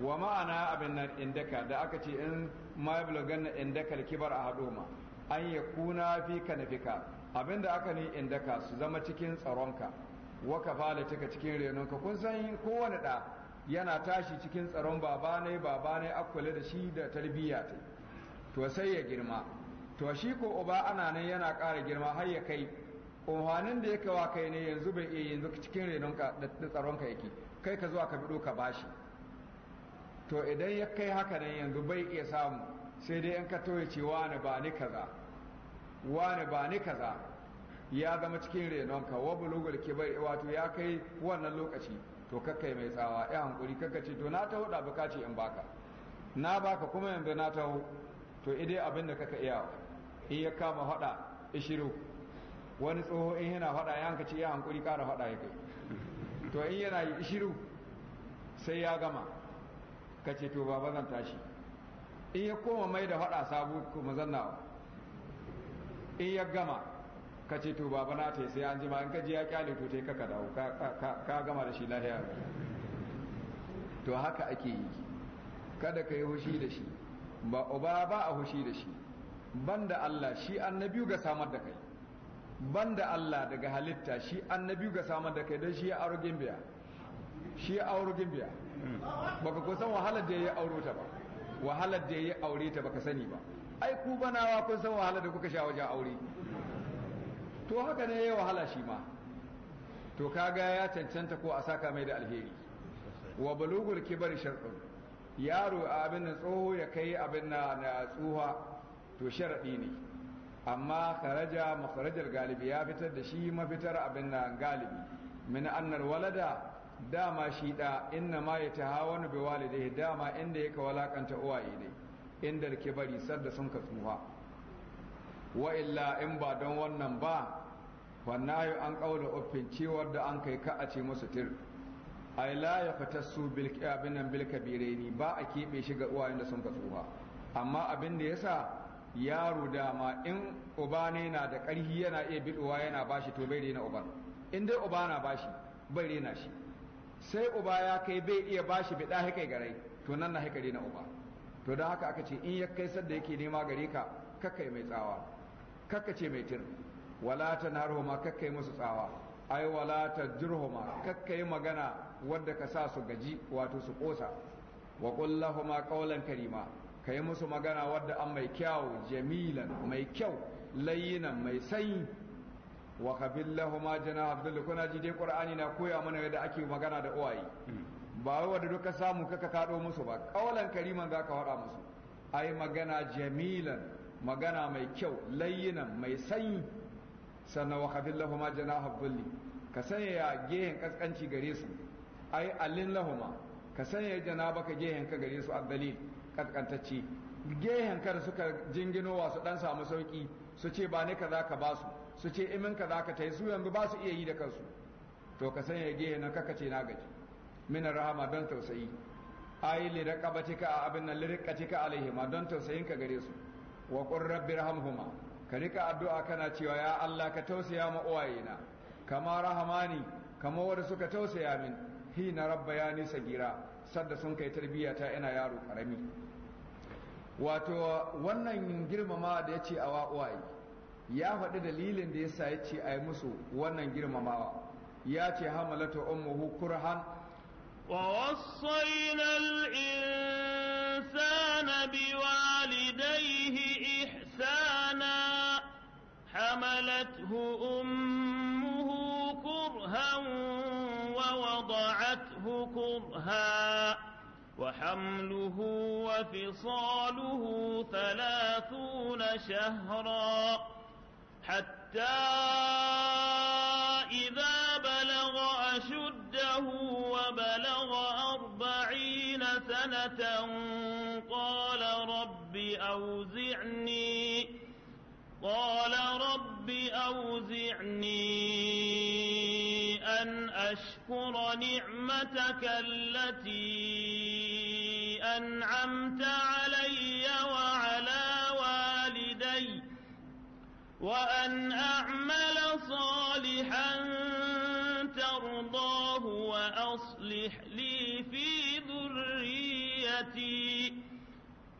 wa ma'ana abin nan indaka da aka ce in ma blogan na indaka kibar a hadoma an ya kuna fi kanafika abinda aka ne indaka su zama cikin tsaronka Waka wa cika cikin renonka kun san kowane da yana tashi cikin tsaron baba ne baba ne akwale da shi da tarbiyya ta to sai ya girma to shi ko uba ana nan yana ƙara girma har ya kai umhanin da ya kawa kai ne yanzu bai iya yanzu cikin renonka da tsaronka yake kai ka zuwa ka biɗo ka bashi to idan ya kai haka nan yanzu bai iya samu sai dai in ka toye ce wani ba ni kaza wani ba ni kaza ya zama cikin renonka wa bulugul kibar wato ya kai wannan lokaci to kakkai mai tsawa ya hankuri kakka ce to na taho da bukaci in baka na baka kuma yanzu na taho to idai abin da kaka iya in ya kama hada ishiru wani tsoho in yana hada ya hankaci ya hankuri kara hada ya kai to in yana yi ishiru sai ya gama ka ce to baba zan tashi in ya koma mai da hada sabu kuma zannawa in ya gama ka ce to baba na ta sai an jima in ka je ya kyale to sai ka dawo ka gama da shi lahiya to haka ake yi kada ka yi hushi da shi ba uba ba a hushi da shi banda Allah shi annabiyu ga samar da kai banda Allah daga halitta shi annabiyu ga samar da kai don shi ya auro gimbiya shi ya auro gimbiya baka ko san wahalar da ya auro ta ba wahalar da ya aure ta baka sani ba ai ku banawa kun san wahalar da kuka sha wajen aure to haka ne ya wahala shi ma to kaga ya cancanta ko a saka mai da alheri wa balugul kibar shar'un yaro a abin da tsoho ya kai abin na tsuwa to sharaɗi ne amma kharaja makharajar galibi ya fitar da shi mafitar abin na galibi min annar walada dama shi da inna ma ya tahawanu da walidai dama inda yake walakanta uwaye ne inda kibari sadda sun ka tsuha wa illa in ba don wannan ba wannayu an kaula uffin cewar da an kai ka a ce musu tir A la ya fatassu su abinan bilka birai ba a kebe shi ga uwayen da sun tsufa amma abin da ya sa yaro dama in uba ne na da ƙarfi yana iya bidowa yana bashi to bai rena uban in dai uba na bashi bai rena shi sai uba ya kai bai iya bashi bida haikai garai to nan na haikari na uba to don haka aka ce in ya kai sadda yake nema gare ka kakai mai tsawa kakace ce mai tir wala ta tanharhuma kakkai musu tsawa ai wala ta tajurhuma kakkai magana wadda ka sa su gaji wato su kosa wa qul qawlan karima kai musu magana wadda an mai kyau jamilan mai kyau layyinan mai sanyi wa qabil jana abdul kuna ji dai qur'ani na koya mana yadda ake magana da uwaye ba wanda duka samu kaka kado musu ba qawlan kariman ka faɗa musu ai magana jamilan magana mai kyau layyinan mai sanyi sannan wa khafid lahuma jana dhulli ka sanya gehen kaskanci gare su ai allin lahuma ka sanya baka gehen ka gare su addalil kaskantacce gehen kar suka jinginowa su dan samu sauki su ce ba ne kaza ka basu su ce imin kaza ka tai su yanzu ba su iya yi da kansu to ka sanya gehen nan kaka ce na gaji min rahama don tausayi ai li a abin nan li raqatika alaihima don tausayin ka gare su wa qur rabbi rahamhuma ka rika addu'a kana cewa ya Allah ka tausaya ma uwayena kama rahamani kama wanda suka tausaya min hi na ya nisa sagira sadda sun kai tarbiyya ta ina yaro karami wato wannan girmama da ya yace a uwaye ya faɗi dalilin da ya ce ci ayi musu wannan girmamawa ya ce hamalatu ummuhu kurhan ووصينا الإنسان بوالديه حملته أمه كرها ووضعته كرها وحمله وفصاله ثلاثون شهرا حتى إذا بلغ أشده وبلغ أربعين سنة قال رب أوزعني قال رب أوزعني أن أشكر نعمتك التي أنعمت علي وعلى والدي وأن أعمل صالحا ترضاه وأصلح لي في ذريتي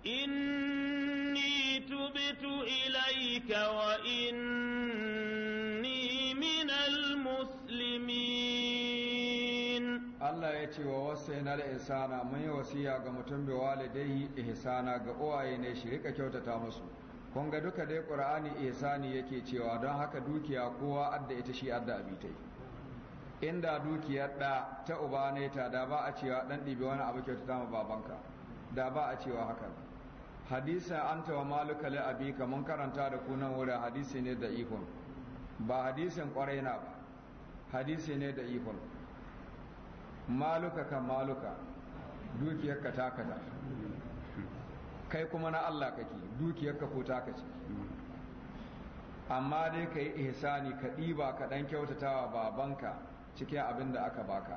إني تبت إليك وإني wasayna da ihsana mun yi wasiya ga mutum bi walidayhi ihsana ga uwaye ne shi rika kyautata musu kun ga duka dai qur'ani ihsani yake cewa don haka dukiya kowa adda ita shi adda abitai inda dukiyar da ta uba ne ta da ba a cewa dan dibi wani abu kyautata ma babanka da ba a cewa haka hadisa anta wa malukale li abika mun karanta da kunan wurin hadisi ne da ihun ba hadisin kwarai na ba hadisi ne da ihun maluka kan maluka dukiyarka ta kata kai kuma na Allah kake dukiyarka ko ta kace amma dai ka yi ihsani ka ɗiba ka ɗan kyautatawa babanka cikin abin da aka baka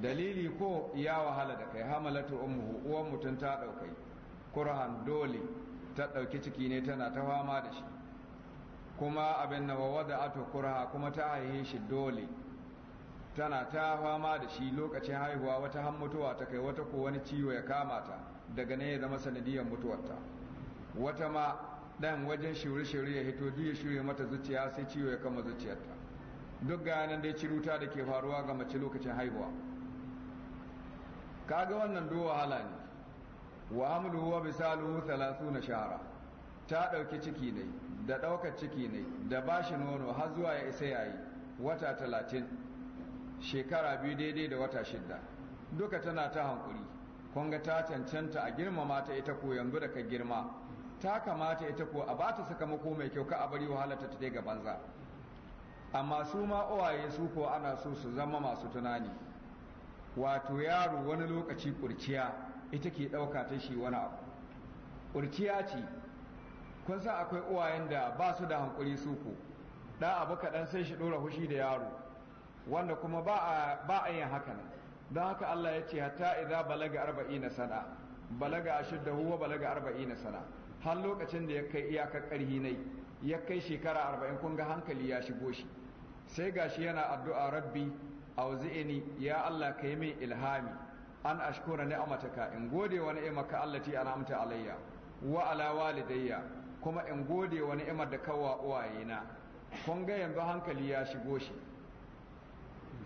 dalili ko ya wahala da kai hamalatu ummuhu uwan mutum ta ɗaukai kurhan dole ta ɗauki ciki ne tana ta fama da shi kuma abin na wawada ato kurha kuma ta haihe shi dole tana ta fama da shi lokacin haihuwa wata han mutuwa ta kai wata ko wani ciwo ya kama ta daga ne ya zama sanadiyar mutuwarta wata ma dan wajen shirye-shirye ya hito duk ya shirye mata zuciya sai ciwo ya kama zuciyarta duk ga ya dai ciruta da ke faruwa ga mace lokacin haihuwa kaga wannan do wahala ne wa hamluhu wa bisaluhu na shahara ta ɗauki ciki ne da daukar ciki ne da bashi nono har zuwa ya isa yayi wata talatin shekara biyu daidai da wata shidda duka tana ta hankuri kunga ta cancanta a girmama ta ita ko yanzu da ka girma ta kamata ita ko a ba ta sakamako mai kyau ka a bari wahala ta ga banza amma su ma uwaye su ko ana so su zama masu tunani wato yaro wani lokaci kurciya ita ke ɗauka ta shi wani abu kurciya ce kun san akwai uwayen da ba su da hankuri su ko ɗan abu kaɗan sai shi ɗora hushi da yaro wanda kuma ba a yin haka nan don haka Allah ya ce hatta idan balaga na sana balaga da huwa balaga na sana har lokacin da ya kai iyakar karhi nai ya kai shekara arba'in kun ga hankali ya shigo shi sai gashi yana addu'a rabbi auzi'ini ya Allah ka yi min ilhami an ashkura ni'amataka in gode wa ni'imaka allati an'amta alayya wa ala walidayya kuma in gode wani ni'imar da kawwa uwayena kun ga yanzu hankali ya shigo shi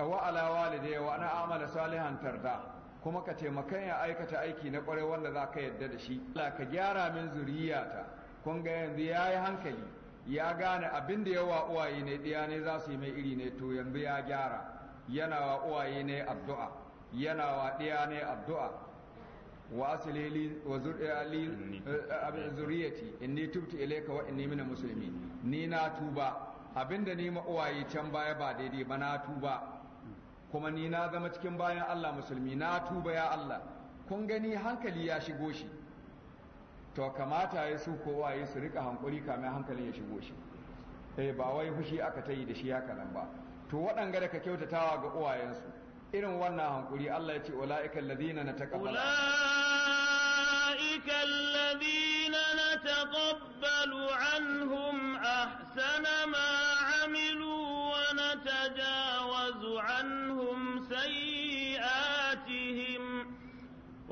wa ala da wa na amala salihan tarda kuma ka taimakan ya aikata aiki na kwarai wanda za ka yadda da shi la ka gyara min zuriyata kun ga yanzu ya yi hankali ya gane abin da yawa uwaye ne ɗiya ne za su yi mai iri ne to yanzu ya gyara yana wa uwaye ne addu'a yana wa ɗiya ne addu'a wa asilili wa eh, eh, eh, zuriyati ni tubtu ilayka wa inni mina musulmi. ni na tuba abinda ni ma uwaye can baya ba daidai ba na tuba kuma ni na zama cikin bayan Allah musulmi na tuba ya Allah kun gani hankali ya shigo shi to kamata ya su kowa ya su rika hankuri kamin hankali ya shigo shi eh ba wai fushi aka tayi da shi haka nan ba to waɗanga da ka kyautatawa ga uwayensu irin wannan hankuri Allah ya ce ula'ikal ladina na ula'ikal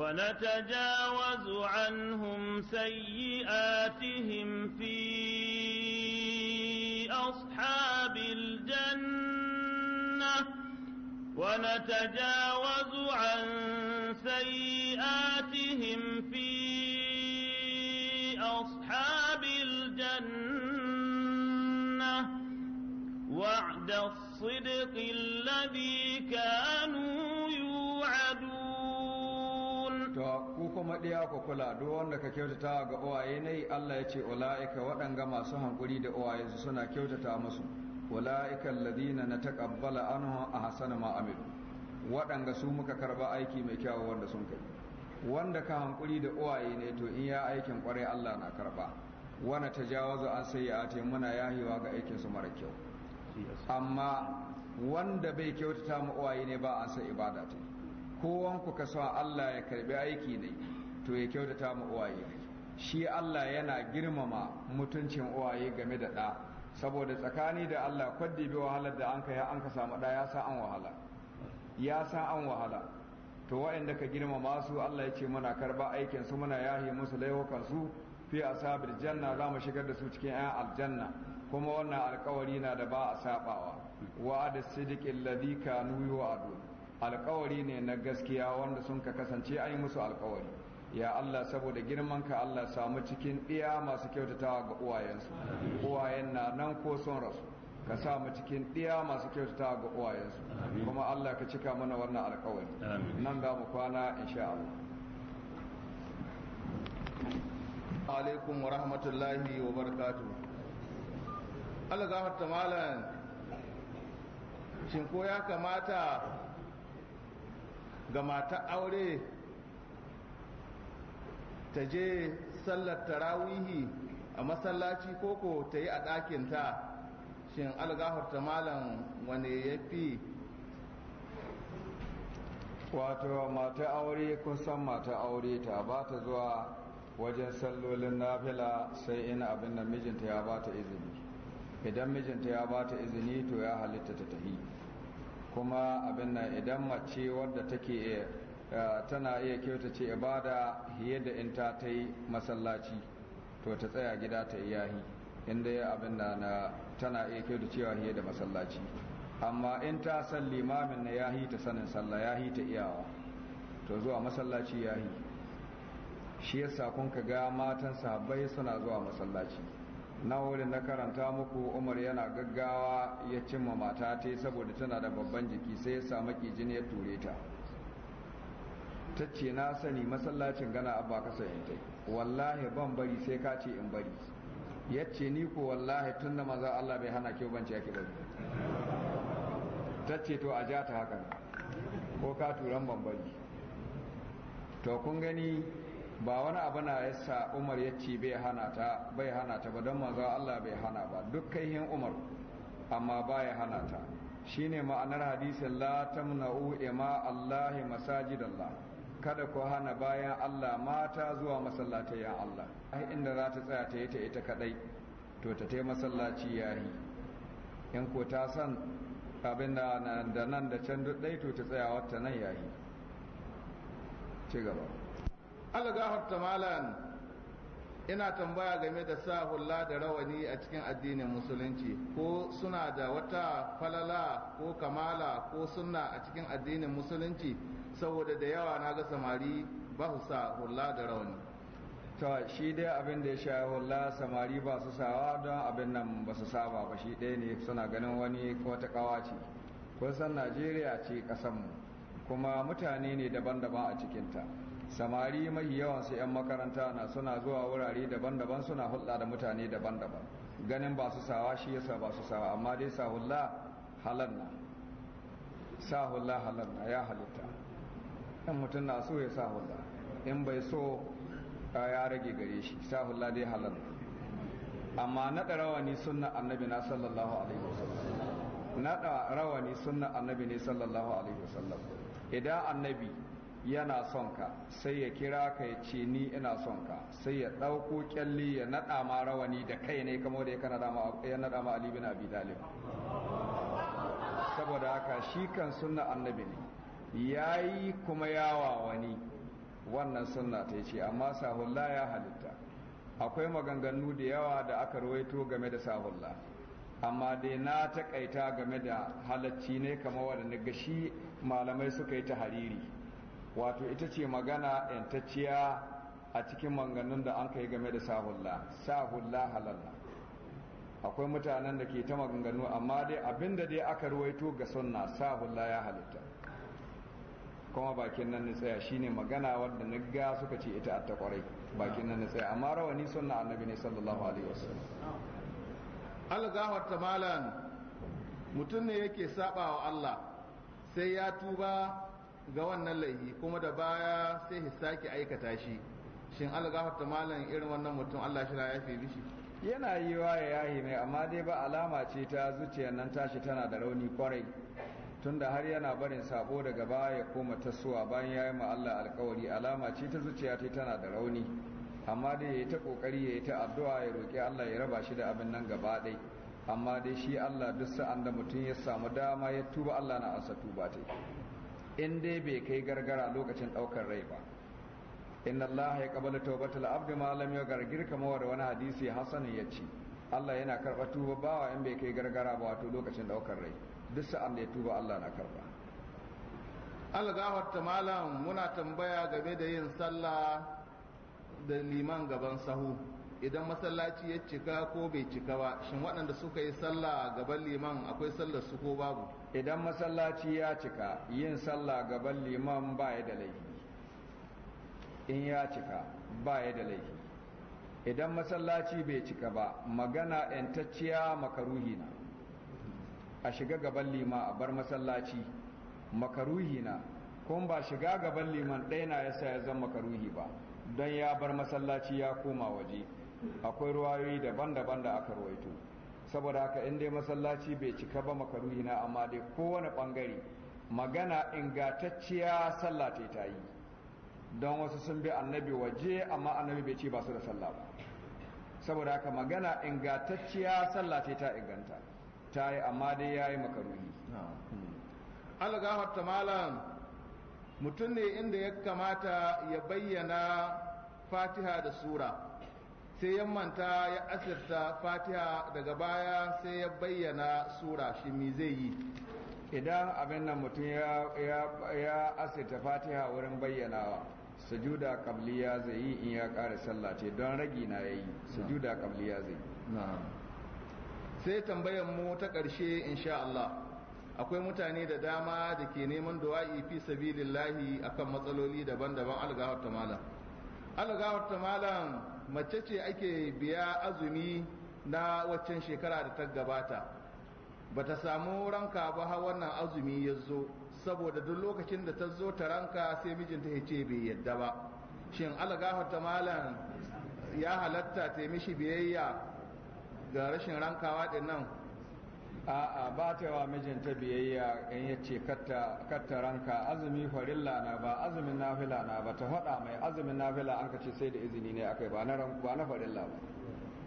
ونتجاوز عنهم سيئاتهم في أصحاب الجنة ونتجاوز عن سيئاتهم في أصحاب الجنة وعد الصدق الذي كانوا kuma ɗaya ku kula duk wanda ka kyautata ga uwaye ne Allah ya ce ula'ika waɗanga masu hankuri da uwaye su suna kyautata musu ula'ika alladhina nataqabbala a ahsana ma amilu waɗanga su muka karba aiki mai kyawu wanda sun kai wanda ka hankuri da uwaye ne to in ya aikin kware Allah na karba wana tajawazu an sai ya sayyi'ati muna yahiwa ga aikin su mara kyau amma wanda bai kyautata mu uwaye ne ba an san ibada ta kowanku ka sa Allah ya karbi aiki ne to ya kyautata ma uwaye shi Allah yana girmama mutuncin uwaye game da ɗa saboda tsakani da Allah kwaddi bi wahalar da an kai an ka samu ɗa ya sa an wahala ya sa an wahala to waɗanda ka girmama su Allah ya ce muna karba aikin su muna yahi musu laifukan su fi asabil janna za mu shigar da su cikin ayan aljanna kuma wannan alkawari na da ba a sabawa wa'ada sidiqil ladhi kanu yu'adu alkawari ne na gaskiya wanda sun ka kasance an yi musu alkawari ya Allah saboda girman ka Allah samu cikin ɗiya masu kyautatawa ga uwayensu uwayen na nan ko son rasu ka samu cikin ɗiya masu kyautatawa ga uwayensu kuma Allah ka cika mana wannan alkawari nan da mu kwana insha Allah alaikum wa rahmatullahi wa barakatuhu. Allah za ta malam shin ko ya kamata ga mata aure ta je sallar tarawihi a masallaci koko ta yi a ɗakinta shin ta malam wane ya fi wato mata aure kusan mata aure ta ba ta zuwa wajen sallolin nafila sai in abin da mijinta ya ba ta izini idan mijinta ya ba ta izini to ya halitta ta tahi kuma abin nan idan mace wadda take Eh, tana iya kyauta ce ibada hiyar da in ta ta yi masallaci to ta tsaya gida ta yahi inda ya abin da na tana iya kyautacewa fiye da masallaci amma in ta san limamin na yahi ta sanin sallah yahi ta iyawa to zuwa masallaci yahi shi yasa kun ka ga matan sahabbai suna zuwa masallaci na wurin na karanta muku umar yana gaggawa ya cimma mata ta saboda tana da babban jiki sai ya samu kijin ya ture ta ta ce na sani masallacin gana abba ka sayin ta wallahi ban bari sai ka ce in bari ya ce ni ko wallahi tun da maza Allah bai hana kyau banci ake bari ta ce to a ja ta hakan ko ka turan ban bari to kun gani ba wani abu na yasa umar ya ce bai hana ta bai hana ta ba don maza Allah bai hana ba duk kai hin umar amma ba ya hana ta shine ma'anar hadisin la tamna'u ima Allah la. kada ku hana bayan Allah mata zuwa masallatai ya Allah ai inda za ta tsaya ta yi ta ita kadai to ta tai masallaci yayi in ko ta san abin da nan da can duk dai to ta tsaya wata nan yayi ci gaba Allah gafarta malan ina tambaya game da sa hulla da rawani a cikin addinin musulunci ko suna da wata falala ko kamala ko sunna a cikin addinin musulunci saboda da yawa na ga samari ba su sa hulla da rawani to shi dai abin da ya sha hulla samari ba su sawa don abin nan ba su saba ba shi ɗaya ne suna ganin wani ko wata kawaci kun san najeriya ce kasanmu. kuma mutane ne daban-daban a cikinta samari mahi yawan su 'yan makaranta na suna zuwa wurare daban-daban suna hulɗa da mutane daban-daban ganin ba su sawa shi yasa ba su sawa amma dai sahulla halanna sahulla halanna ya halitta ɗan mutum na so ya sahulla in bai so ya rage gare shi sahulla dai halanna amma naɗa rawani sunna annabi na sallallahu alaihi wasallam naɗa rawani sunna annabi ne sallallahu alaihi wasallam idan annabi yana son ka sai ya kira ka ya ce ni ina son ka sai ya ɗauko kyalli ya naɗa ma rawani da kai ne kamar da ya naɗa ma Ali bin Abi dalib saboda haka shi kan sunna annabi ne ya yi kuma yawa wani wannan sunna ta ce amma sahulla ya halitta akwai maganganu da yawa da aka rawaito game da sahulla amma dai na taƙaita game da halacci ne kamar waɗanda gashi malamai suka yi ta hariri wato ita ce magana yantacciya a cikin manganin da an kai game da sahulla sahulla halalla akwai mutanen da ke ta maganganu amma dai abinda dai aka ruwaito ga sunna sahulla ya halitta kuma bakin nan na tsaya shine magana wanda na ga suka ce ita ta kwarai bakin nan na tsaya amma rawani sunna annabi ne sallallahu alaihi wasallam ta tamalan mutum ne yake sabawa Allah sai ya tuba ga wannan laifi kuma da baya sai ya sake aikata shi shin algahar ta malam irin wannan mutum Allah shi ya fi bishi yana yi ya yahi mai amma dai ba alama ce ta zuciyar nan tashi tana da rauni kwarai tunda har yana barin sabo daga baya ya koma tasowa bayan ya yi ma Allah alkawari alama ce ta zuciya ta tana da rauni amma dai ya yi ta kokari ya yi ta addu'a ya roki Allah ya raba shi da abin nan gaba ɗaya amma dai shi Allah duk sa'an da mutum ya samu dama ya tuba Allah na ansa tuba ta in dai bai kai gargara lokacin ɗaukar rai ba inna allaha ya kabala tawbatul abdi ma lam yagargir kamar wani hadisi hasan ya ce Allah yana karɓa tuba bawa in bai kai gargara ba wato lokacin ɗaukar rai duk sa'an da ya tuba Allah na karɓa Allah ta malam muna tambaya game da yin sallah da liman gaban sahu idan masallaci ya cika ko bai cika ba shin waɗanda suka yi sallah gaban liman akwai sallar su ko babu idan masallaci ya cika yin sallah gaban liman ya da laifi in ya cika ya da laifi idan masallaci bai cika ba magana yantacciya makaruhi na a shiga gaban lima a bar masallaci makaruhi na kun ba shiga gaban liman ɗaya na sa ya zama makaruhi ba don ya bar masallaci ya koma waje akwai ruwayoyi daban-daban da aka ruwaito saboda haka in dai masallaci bai cika ba makaruhi na amma dai kowane bangare magana ingatacciya sallah ta ta yi don wasu sun bi annabi waje amma annabi bai ce ba su da sallah ba saboda haka magana ingatacciya sallah ta ta inganta ta yi amma dai ya yi makaruhi algahar malam mutum ne inda ya kamata ya bayyana fatiha da sura sai ya manta ya asirta fatiha daga baya sai ya bayyana sura shi mi zai yi idan abin nan mutum ya asirta fatiha wurin bayyanawa sujuda kabliya zai yi in ya kare sallah don ragi na ya yi sujuda kabliya zai sai tambayar mu ta ƙarshe insha Allah akwai mutane da dama da ke neman du'a'i fi sabilillahi akan matsaloli daban-daban algahar tamalan tamalan mace ce ake biya azumi na waccan shekara da ta gabata ba ta samu ranka ba har wannan azumi ya zo saboda duk lokacin da ta zo ta ranka sai mijinta ya ce bai yadda ba shin alagahar ta malam ya halatta ta mishi biyayya ga rashin rankawa ɗin nan a'a ba ta wa mijinta biyayya in ya ce katta ranka azumi farilla na ba azumin nafila na ba ta faɗa mai azumin nafila an ka ce sai da izini ne aka yi ba na na farilla ba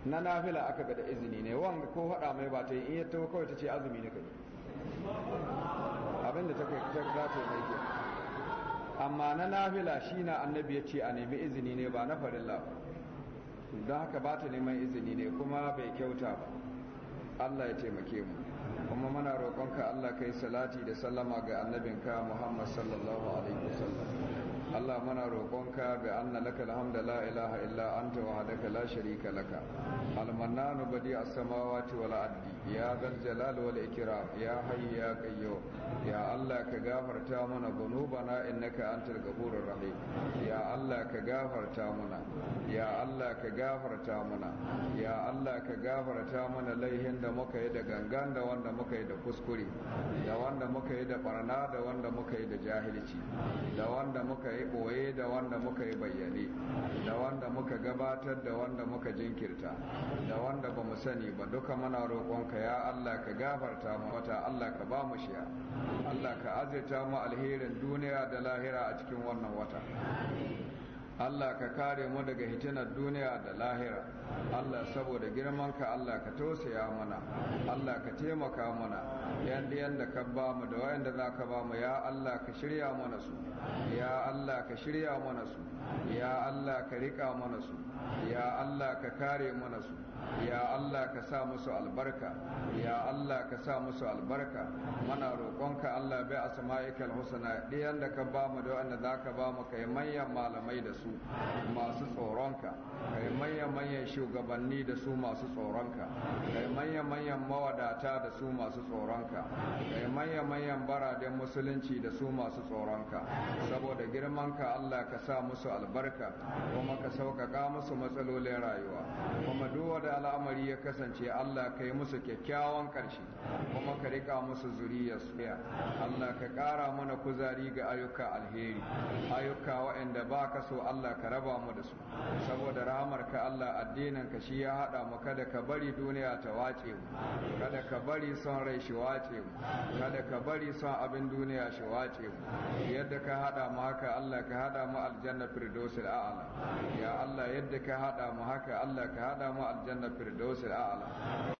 na nafila aka ga da izini ne wanga ko faɗa mai ba ta yi in ya tawo kawai ta ce azumi ne ka abin abinda ta kai ta za ta mai ke amma na nafila shi na annabi ya ce a nemi izini ne ba na farilla ba don haka ba ta neman izini ne kuma bai kyauta ba Allah ya taimake mu kuma muna roƙonka Allah kai salati da sallama ga annabinka Muhammad sallallahu alaihi wasallam Allah mana roƙonka bi anna laka alhamdu la ilaha illa anta wahdaka la sharika laka almannanu badi as-samawati wal ardi ya zal jalal wal ikram ya hayy ya qayyum ya Allah ka gafarta mana gunubana innaka antal ghafurur rahim ya Allah ka gafarta mana ya Allah ka gafarta mana ya Allah ka gafarta mana laihin da muka yi da gangan da wanda muka yi da kuskure da wanda muka yi da barna da wanda muka yi da jahilci da wanda muka yi yi boye da wanda muka yi bayyane da wanda muka gabatar da wanda muka jinkirta da wanda ba mu sani ba duka mana roƙonka ya Allah ka gafarta mu wata Allah ka ba mu shiya Allah ka azirta mu alherin duniya da lahira a cikin wannan wata Allah ka kare mu daga hitinar duniya da lahira Allah saboda girmanka Allah ka tausaya mana Allah ka taimaka mana yanda yanda ka ba mu da wayanda za ka ba mu ya Allah ka shirya mana su ya Allah ka shirya mana su ya Allah ka rika mana su ya Allah ka kare mana su ya Allah ka sa musu albarka ya Allah ka sa musu albarka mana roƙonka Allah bai asma'ikal husna diyan da ka ba mu da wanda ka ba mu kai manyan malamai da su su masu tsoronka kai manyan manyan shugabanni da su masu tsoronka kai manyan manyan mawadata da su masu tsoronka kai manyan manyan baraden musulunci da su masu tsoronka saboda girmanka Allah ka sa musu albarka kuma ka sauƙaƙa musu matsalolin rayuwa kuma duk da al'amari ya kasance Allah ka yi musu kyakkyawan karshe kuma ka rika musu zuriyar su Allah ka ƙara mana kuzari ga ayyuka alheri ayyuka waɗanda ba ka so Allah Allah ka raba mu da su saboda rahamarka Allah addinin ka shi ya hada mu kada ka bari duniya ta wace mu kada ka bari son rai shi wace mu kada ka bari son abin duniya shi wace mu yadda ka hada mu haka Allah ka hada mu aljanna firdausil a'la ya Allah yadda ka hada mu haka Allah ka hada mu aljanna firdausil a'la